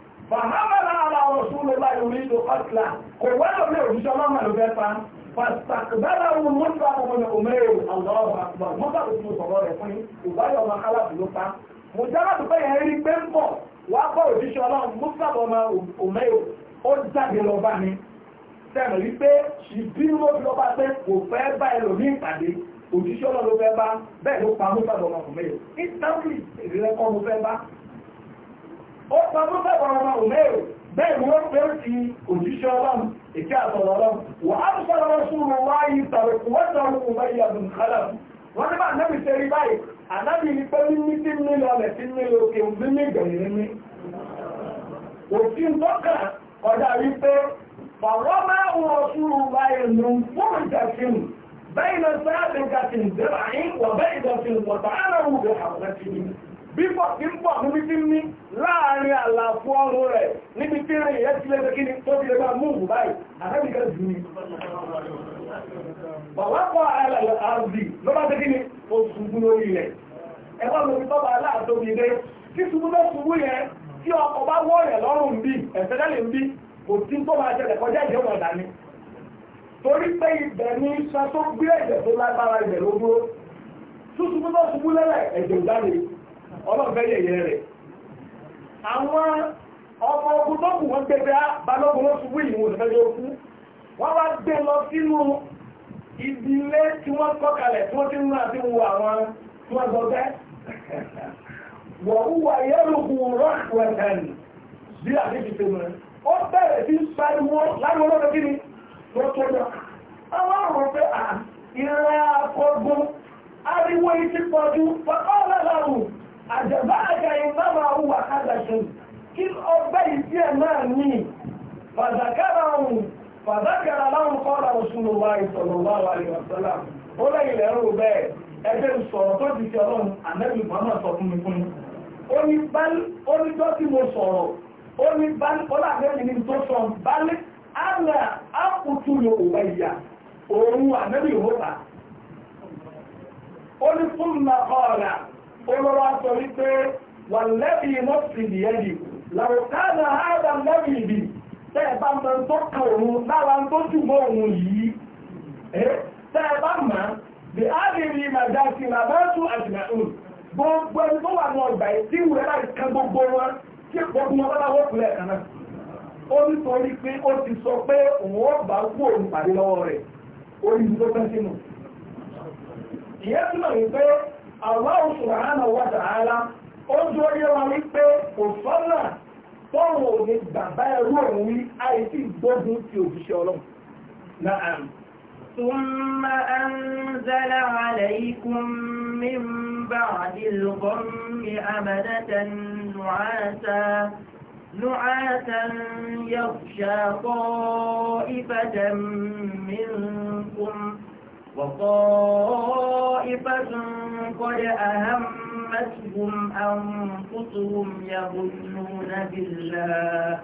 Speaker 1: fàhámàlà àlà ọ̀ṣúnlọ́lá ìrìnlò ọ̀tìlá kò wọ́n lè òṣìṣẹ́ ọlọ́mà ló fẹ́ pa fàtàkùbẹ́lá ohun mọ́tò àkọ́kọ́ òmẹ́rẹ̀ àlọ́ọ̀rọ̀ àkùbà mọ́tò àkọ́kọ́ sọ̀rọ̀ rẹ̀ fún ìbáyọ̀ ọmọ aláàbò ló pa mo jábà tó bẹ́yẹ̀ rí pé ń bọ̀ wá bọ́ òṣìṣẹ́ ọlọ́run mọ́tò ọmọ òmẹ́rẹ̀ ó jáde lọ bá mi sẹ́nu rí pé ìbínú ló fi lọ bá pé kò fẹ́ bá ẹlòmíì pàdé òṣìṣẹ́ ọlọ́run ló fẹ́ bá bẹ́ẹ̀ ló pa mọ́tò ọmọ òmẹ́rẹ̀ ó pa mú sẹ́bọ̀ ọmọ òmèrò bẹ́ẹ̀ ni wọ́n pẹ̀lú ti òjíṣẹ́ ọlọ́run èké àtọ̀rọ̀ ọlọ́run wà á tún sọ̀rọ̀ wọn súnmọ́ wáyé tàbí wọ́n tọrọ kò bá yà dùn kálá wọ́n ní bá ànábì ṣe rí báyìí ànábì ní pé mímí tí mí lọ rẹ̀ tí mí lókè ń bí mí gbẹ̀yìn mí òfin tọ́kà kọjá rí pé fọ̀rọ̀ máa ń wọ súnmọ́ wáyé ló ń fún ìjàkín bẹ́ẹ̀ ni sáà bíbọ̀ tí ń bọ̀ níbi tí ní láàrin àlàfo ọrùn rẹ̀ níbi tí rìn yẹ́ ti lẹ́gbẹ̀ẹ́ kí ni tó ti lè máa múùbù báyìí àtẹ́bìkẹ́ jù ní bàwápọ̀ àrùbì ló bá tẹ́kí ni ó ṣubú lórí rẹ̀ ẹ̀wọ́ ló fi tọ́ba aláàtóbi dé tí ṣubú ló ṣubú yẹn tí ọkọ̀ bá wọ́ yẹn lọ́rùn bí ẹ̀fẹ́dẹ́lẹ̀ ń bí kò tí tó máa ṣẹlẹ̀ kọjá ìjọ wọn dání torí ọlọ́gbẹ́yẹyẹ rẹ̀ àwọn ọmọ ogun tó kù wọ́n gbẹ́gbẹ́ ah, balógun ló ṣubú ìwò okú wọ́n wá gbé lọ sínú ìdílé tí wọ́n tí wọ́n ti ń àti wo àwọn tí wọ́n sọ wọ̀húwà yẹ́rùkù rọ́ọ̀kùnrin bí ah, ariwo ìtìpọ̀jú àjọ̀bá àjà ìmáàmà wà kádàṣe kí ọgbẹ́ ìdí ẹ̀ náà ní fàdákàrà ọ̀hún fàdákàrà láwọn kọ́ra òṣùnú wa ìsọ̀rọ̀ wà wà ní ọ̀sọ́là ó lẹ́yìn lẹ́rù bẹ́ẹ̀ ẹgbẹ́ ìsọ̀rọ̀ tó ti fi ọlọ́run àmẹ́bí mọ́mọ́ sọ fún mi fún mi ó ní mo sọ̀rọ̀ ó ní bálí ó làbẹ́ni ní tó sọ bálí àlà ápùtù lò wà ìyá òun àmẹ́bí ìhópa ó ní fún mi kọ́ olówó sọ wípé wà lẹ́bí iná sì ní ẹ̀yìn làwòkánà áádà lẹ́bí ìbí tẹ́ ẹ bá mọ tó kan òun lára tó jù mọ́ òun yìí tẹ́ ẹ bá mọ̀ bí ádìrí màdá sí làbá tún àjùmọ̀ òun gbogbo ẹni tó wà ní ọgbà yìí tí ìwúrẹ́ láì kan gbogbo wọn tí gbogbo wọn bá láwọ́ kúlẹ̀ kan náà ó nítorí pé ó ti sọ pé òun ó bá kú òun pàdé lọ́wọ́ rẹ̀ orí ìlú tó fẹ́ sínú ìyẹn túnmọ̀ wípé Allah subhanahu wa ta'ala ó jó yé wa wípé kò sọ́nà tọ́rọ òní bàbá ẹrú òun wí àìsí gbógun ti òjíṣẹ́ ọlọ́run náà ثم أنزل عليكم من بعد الغم أمدة نعاسا نعاسا يغشى طائفة منكم وطائفة قد أهمتهم أنفسهم يظنون بالله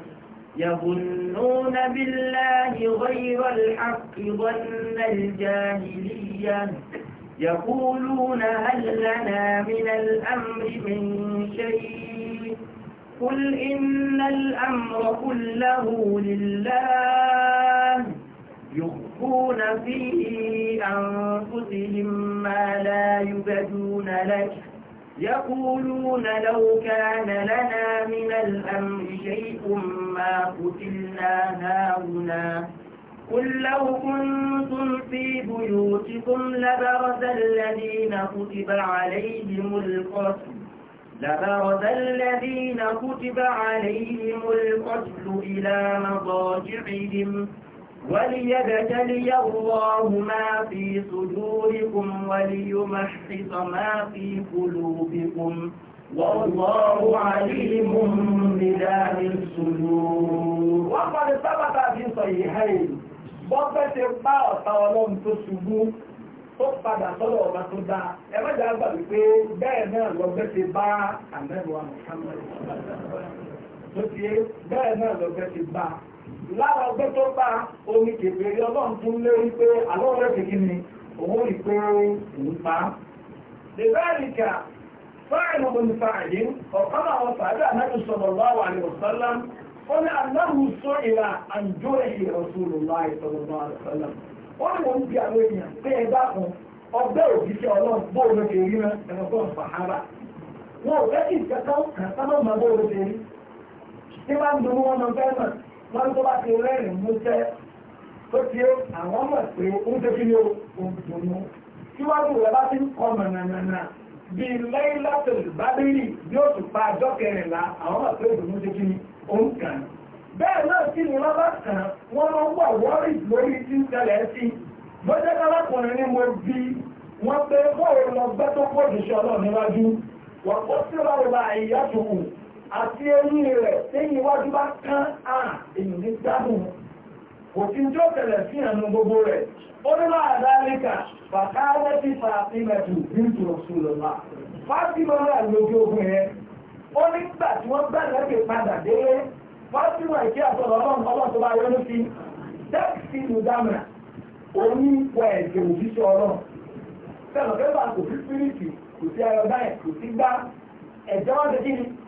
Speaker 1: يظنون بالله غير الحق ظن الجاهلية يقولون هل لنا من الأمر من شيء قل إن الأمر كله لله يخفون في أنفسهم ما لا يبدون لك يقولون لو كان لنا من الأمر شيء ما قتلنا هاهنا قل لو كنتم في بيوتكم لبرز الذين كتب عليهم القتل لبرز الذين كتب عليهم القتل إلى مضاجعهم وليبتلي الله ما في صدوركم وليمحص ما في قلوبكم والله عليم بذات الصدور وقد ثبت في صحيحين bọ́pẹ́ ti pa ọ̀tá ọlọ́run tó ṣubú tó padà sọ́dọ̀ ọba tó dá ẹgbẹ́jà àgbà wípé bẹ́ẹ̀ náà lọ́gbẹ́ ti bá àmẹ́rùn-ún àmọ́ sámọ́ tó ti bẹ́ẹ̀ náà lọ́gbẹ́ ti bá lára ọgbẹ́ tó bá omi kèfèrè ọlọ́run tún lérí pé alọ́rẹ́ fi kíni owó ìpé òun pa lèbáríkà fáìlì omi fàáyé ọ̀kan àwọn fàájì ànájú sọ̀rọ̀ lọ́wọ́ àlè ọ̀sánlá ó ní aláhù sọ ìlà àjọ èyí ọ̀sùnlù láì sọ̀rọ̀ lọ́wọ́ àlè ó ní wọn bí àwọn èèyàn pé ẹ bá kan ọgbẹ́ ọlọ́run kèrí rẹ wọ́n tó bá ti rẹ́rìn músẹ́ tó ti ó àwọn mọ̀ pé ó ń tẹ́kí ní òdùnú síwájú rẹ̀ bá ti ń kọ mọ̀nàmọ̀nà bíi lẹ́yìn látòlù bábírì yóò tún pa àjọ kẹrìnlá àwọn mọ̀ pé òdùnú tẹ́kí ní òun kàn bẹ́ẹ̀ náà sí ni wọ́n bá kàn wọ́n máa ń wà wọ́rì lórí tí ń tẹ̀lẹ̀ sí bọ́jẹ́ kálákùnrin ni mo bí wọ́n pé bọ́ọ̀ lọ gbẹ́ pọ̀ jù sí ọlọ́ọ̀ níwájú wọ́n kó sí àti eyín rẹ̀ téyìn iwájú bá kán à èyàn ní dábùn kò tí ń jó tẹ̀lẹ̀ sí ẹnu gbogbo rẹ̀ ó ní máa dá líkà bàtà lẹ́bí fàtímẹ̀tù bíntù Rasulullah fátímà náà lójú ogun yẹn ó nígbà tí wọ́n gbà lẹ́bí padà délé fátímà ìkí àtọ̀lọ́ ọlọ́run ọlọ́run tó bá yọnu sí dẹ́kì sí lùdámà òní pọ̀ ẹ̀jẹ̀ òjíṣẹ́ ọlọ́run sẹ́lọ̀ pépà kò sí spiriti kò sí ayọ̀ báyìí kò sí gbá ẹ̀jẹ̀ wọn ti kí ni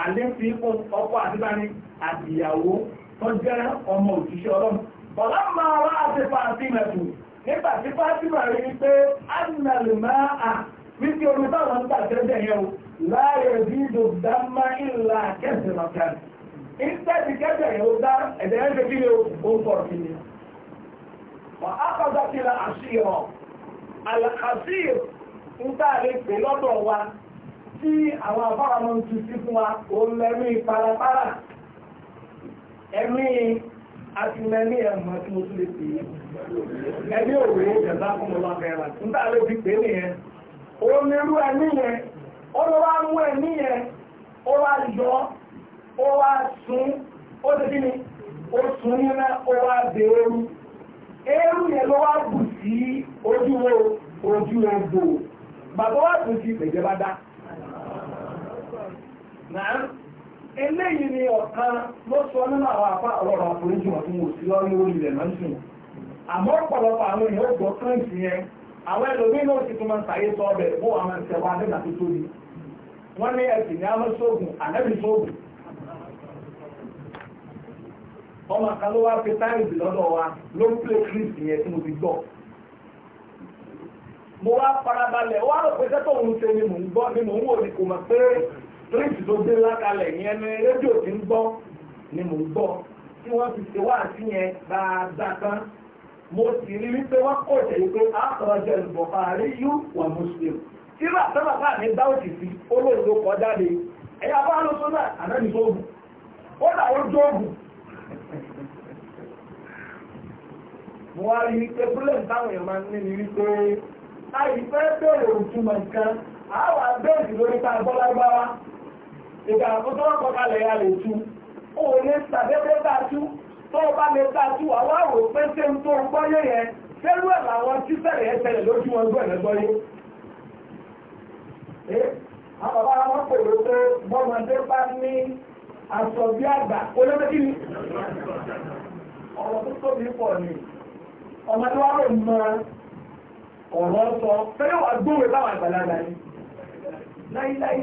Speaker 1: àlẹ́ fi ọkọ̀ àdíbáni àtìyàwó tó jẹ́ ọmọ òṣìṣẹ́ ọlọ́run bọ̀lá máa wá àti fàtímẹ̀tù nígbà tí fàtímẹ̀ rí pé annalmáà wípé omi táwọn ń pàtẹ́jẹ̀ yẹn o láàyè bí dòdámá ìlà kẹsìmọ̀kan ìtẹ́jì kẹsẹ̀ yẹn ó dá ẹ̀dẹ̀ yẹn ṣe kíni ó ń àṣírọ̀ àlàkàṣír ń tàà pè lọ́dọ̀ wa tí àwọn àbára máa tu sí fún wa òun lẹ́mí parapara ẹ̀mí àtìmẹ́mí ẹ̀mọ́ tí mo tún lè pè ẹ̀mí òwe ìjọba fún ọlọ́ abẹ́ra nígbà ló fi pè nìyẹn òun ni irú ẹ̀mí yẹn ó ló wá mú ẹ̀mí yẹn ó wá yọ ó wá sún ó ti kí ni ó sún níná ó wá dé eérú eérú yẹn ló wá bù náà eléyìí ni ọ̀kan ló sọ nínú àwọn apá ọ̀rọ̀ àforíjì wọn tí mo sì lọ ní orí ilẹ̀ lọ́sùn àmọ́ ọ̀pọ̀lọpọ̀ àwọn èèyàn gbọ́ kán sí yẹn àwọn ẹlòmíín náà sì tún máa ń sàyé sọ ọbẹ̀ bó àwọn tó tóbi wọ́n ní ẹ̀sìn ní sóògùn sóògùn ọmọ kan ló wá fi drinks tó gbé lákalẹ̀ yẹn ní rédíò ń gbọ́ ni mò ń gbọ́ tí wọ́n ti ṣe wá sí yẹn kan mo sì rí wípé wọ́n kò jẹ́ wípé àtọ̀rọ̀ ìbọ̀fà rí yú wà mùsùlùm tí bá sábà mi dá òtì sí ẹ̀yà bá ló tó gùn ó dà ó jó gùn mo wá rí wípé táwọn èèyàn máa ń bẹ̀rẹ̀ òtún mọ̀ ìgbà àkótó wọn kọkalẹ̀ ya lè tú ó lè tàbẹ́bẹ́ bá tú tó o bá lè bá tú àwọn àwò pé ṣe ń tó gbọ́yé yẹn fẹ́rú ẹ̀ làwọn tí sẹ̀rẹ̀ ẹ̀ sẹ̀rẹ̀ lójú wọn gbọ́ ẹ̀ gbọ́yé. àwọn bàbá ló pé ni ọ̀rọ̀ ni ọmọdé wa lè mọ ọ̀rọ̀ sọ fẹ́rẹ́ wà gbóòwe báwọn àgbàlagbà ni láíláí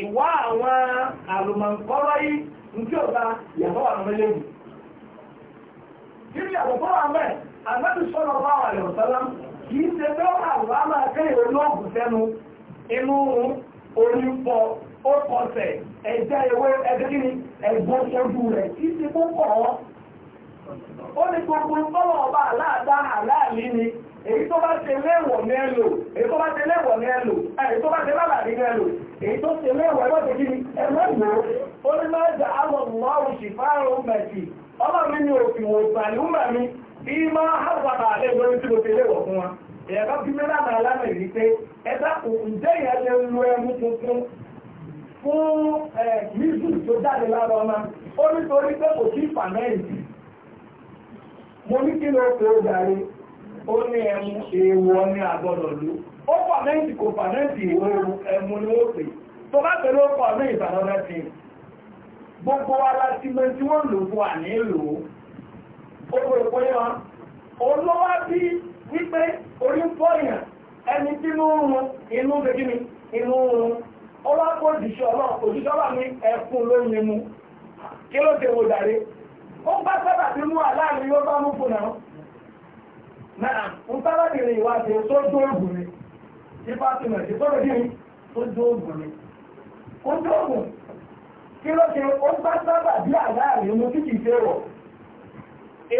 Speaker 1: ìwá àwọn àlùmọ̀ǹkọ́rọ́ yìí nítí ọ̀gá yàtọ̀ wà lọ́mọ léwu. Níbi àkókò wà mẹ́, àgbẹ̀bí sọ̀rọ̀ bá wà lọ sọ́lá, kì í ṣe bẹ́ẹ̀ wà wà máa kéré olóògùn sẹ́nu, inú orí pọ̀, ó kọsẹ̀, ẹ̀jẹ̀ ewé ẹ̀dẹ́gìrì, ẹ̀gbọ́n rẹ̀, kì í ṣe kó kọ̀ ọ́. Ó ní gbogbo èyí tó bá ṣe léèwọ̀ ní ẹlò èyí tó bá ṣe léèwọ̀ ní ẹlò èyí tó bá ṣe lálàrí ní ẹlò èyí tó ṣe léèwọ̀ ẹgbẹ́ tó ó ní máa jà mẹ̀tì ọlọ́run ní òfin bí máa alẹ́ lórí tí mo ṣe fún wa bí pé lu ẹmu tuntun fún tó ó ní ewu èèwọ̀ ní àgbọ̀dọ̀ ló ó pàmẹ́ǹtì kò pàmẹ́ǹtì emu n'ofe. ni ó pè tó bá ti gbogbo ala simenti mọ tí wọ́n lò fún àní lò ó ó pè bí ẹni tí inú mu kí ló wò dàrí ó sábà mú yóò bá naa, ń tábàbìnrin ṣe tó dóògùn ni tí fásimọ̀ ṣe tó rẹ̀ tó dóògùn ni ó dóògùn kí ló ṣe ó bá sábà bí àláàrin mú títì ṣe wọ̀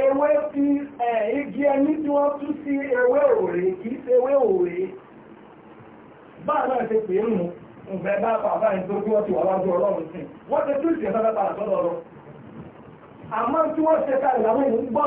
Speaker 1: ewé tí igi ẹni tí wọ́n tú sí ewé òòrè kì ṣe ewé báà náà ṣe pè é bá ẹni tó kí wọ́n ti wà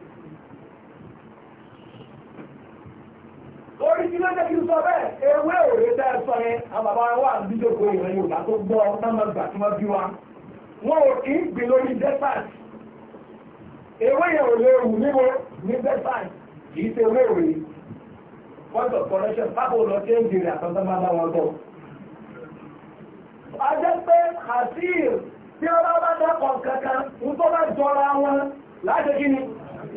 Speaker 1: orí kí ló jẹ́ kí n sọ bẹ́ẹ̀ ewé òwe tẹ́ ẹ sọ yẹn àwọn bàbá wa ń bí lóko ìran Yorùbá tó gbọ́ náà gbà tí wọ́n bí wa wọn ò kí ń gbìn lórí desert ewé yẹn ò lè wù níbo ní desert kì í ṣe ewé òwe point of correction pápá ò lọ sí ẹ̀ǹdìrì àtọ́tọ́ máa bá wọn bọ̀. a jẹ́ pé kàṣíìr tí wọ́n bá bá dákọ̀ kankan ń tó bá jọra wọn láti kí ni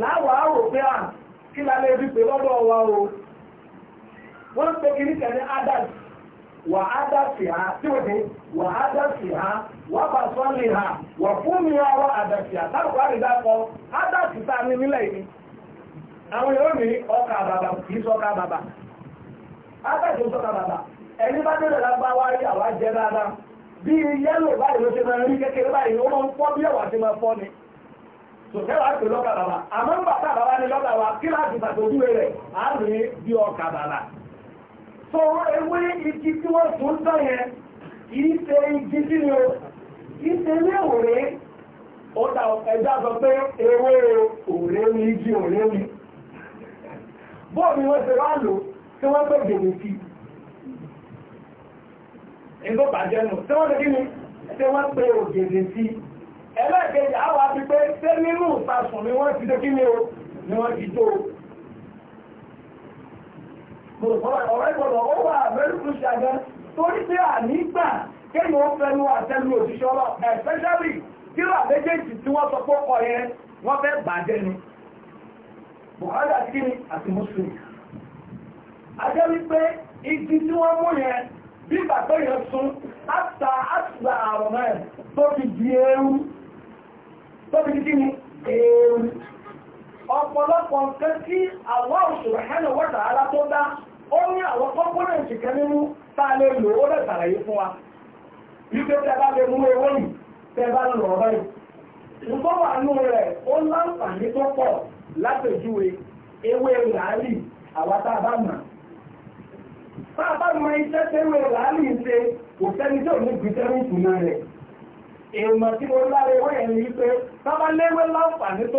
Speaker 1: láwàá rò pé à kí la lè rí pé lọ́dọ̀ wa o. wọ́n ń pe kìíní kan wà ha tí wọ́n ti ha wà bá sọ́ọ̀lì ha wà fún mi wá wá ha táwọn wà rí tá a ní nílẹ̀ yìí àwọn mi ọkà bàbà kì í sọ́kà bàbà adásì ó sọ́kà bàbà ẹni bá dé lọ́la bá wá rí àwa jẹ dáadáa bí yẹ́lò báyìí ló ṣe máa rí kékeré báyìí ó máa ń fọ́ bí so ewé igi tí wọ́n tó ń tán yẹn kìí ṣe igi tí o kìí ṣe ilé òré ọ̀dà ẹ̀dá sọ pé ewé òré ni igi òré ni bọ́ọ̀lù wọ́n ṣe wá lò tí wọ́n pẹ̀ gbèrè sí ẹgbọ́ bàjẹ́ nù tí wọ́n lè kí ni tí wọ́n pẹ̀ ògèrè sí ẹlẹ́ẹ̀kejì àwọn àti pé tẹ́lẹ̀ nù ìfàsùn ni wọ́n ti torí pé ànígbà kéèyàn ó fẹnu àtẹnu òṣìṣẹ́ ọlọ́ especially kíra méjèèjì tí wọ́n sọ pé ọkọ̀ yẹn wọ́n fẹ́ bàjẹ́ ni Buhari àti kíni àti Muslim ajẹ́ wípé igi tí wọ́n mú yẹn bí bàbá yẹn sun àtà àtìgbà àrùn náà tó fi di eérú tó fi di kíni eérú ọ̀pọ̀lọpọ̀ nǹkan tí àwọn òṣèlú hẹ́nà wọ́tà alá ó ní àwọn kọ́pọ́nẹ̀ǹtì kan nínú tá a lè lò ó lè sàlàyé fún wa wípé tẹ bá lè mú ewé yìí tẹ bá lọ ọ̀rọ̀ yìí nǹkan wà nù rẹ̀ ó láǹfààní tó pọ̀ látòjúwe ewé làálì àwa tá a bá mọ̀ tá a bá mọ iṣẹ́ tẹ́wé làálì ń ṣe kò sẹ́ni tí ò ní gbìtẹ́ ní rẹ̀ èèmọ̀ tí mo yẹn léwé láǹfààní tó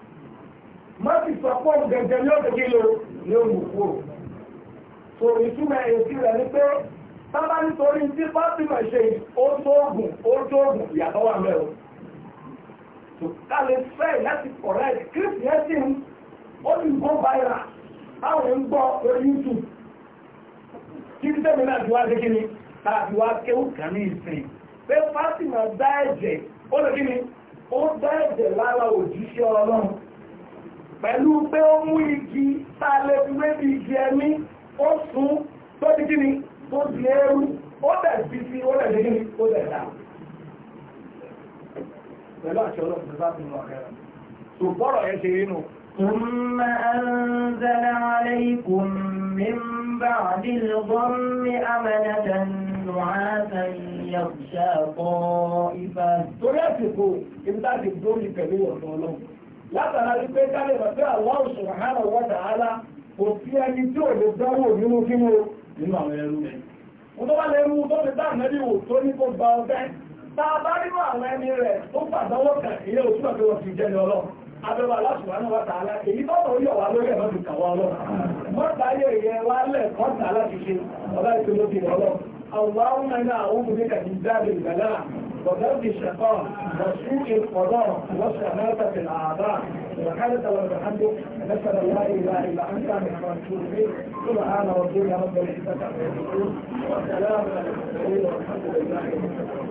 Speaker 1: má sì sọ pọ́ gẹ̀gẹ̀ ní òkè kí lo ní olùkó so ìtumọ̀ èsì rẹ̀ ni pé sábà nítorí tí fásimọ̀ ṣe ó tó oògùn ó tó oògùn ìyàtọ̀ wà mẹ́rin so ká lè fẹ́ láti correct kírísìtì ó ti gbọ́ viral táwọn ń gbọ́ lórí youtube kí ní tẹ́mi náà ti wá dé kí ni tàbí wá kéwù kan ní ìsìn pé fásimọ̀ dá ẹ̀jẹ̀ ó lè kí ni ó dá ẹ̀jẹ̀ lára òjíṣẹ́ ọlọ́run pẹ̀lú pé ó mú igi tààlẹ̀ wé bí igi ẹ̀mí ó sún tó di kí ni tó di ẹrú ó dẹ̀ bí sí ó dẹ̀ lé ó dẹ̀ dá pẹ̀lú àṣẹ ọlọ́pàá bá ọ̀rẹ́ rẹ̀ tó bọ́rọ̀ ìbí tá gbórí pẹ̀lú ọ̀dọ́ ọlọ́run látara wípé kálẹ̀ bàbá Allah subhanahu wa ta'ala kò sí ẹni tí ò lè dánwò nínú kínú nínú àwọn ẹrú rẹ̀ mo tó bá lẹ́rú tó ti dá àmẹ́bí wò tó ní kó gba ọgbẹ́ tá a bá nínú àwọn ẹni rẹ̀ tó pàdánwò kàn ilé òtún àti wọn ti jẹ́ ní ọlọ́run abẹ́wà Allah subhanahu wa ta'ala èyí tó mọ̀ اللهم انا اعوذ بك من باب البلاء وبرد الشقاء وسوء القضاء وشماتة الاعداء وكانت والحمد نسأل الله لا اله الا انت من رسول سبحان ربك رب العزة عما يصفون والسلام على المرسلين والحمد لله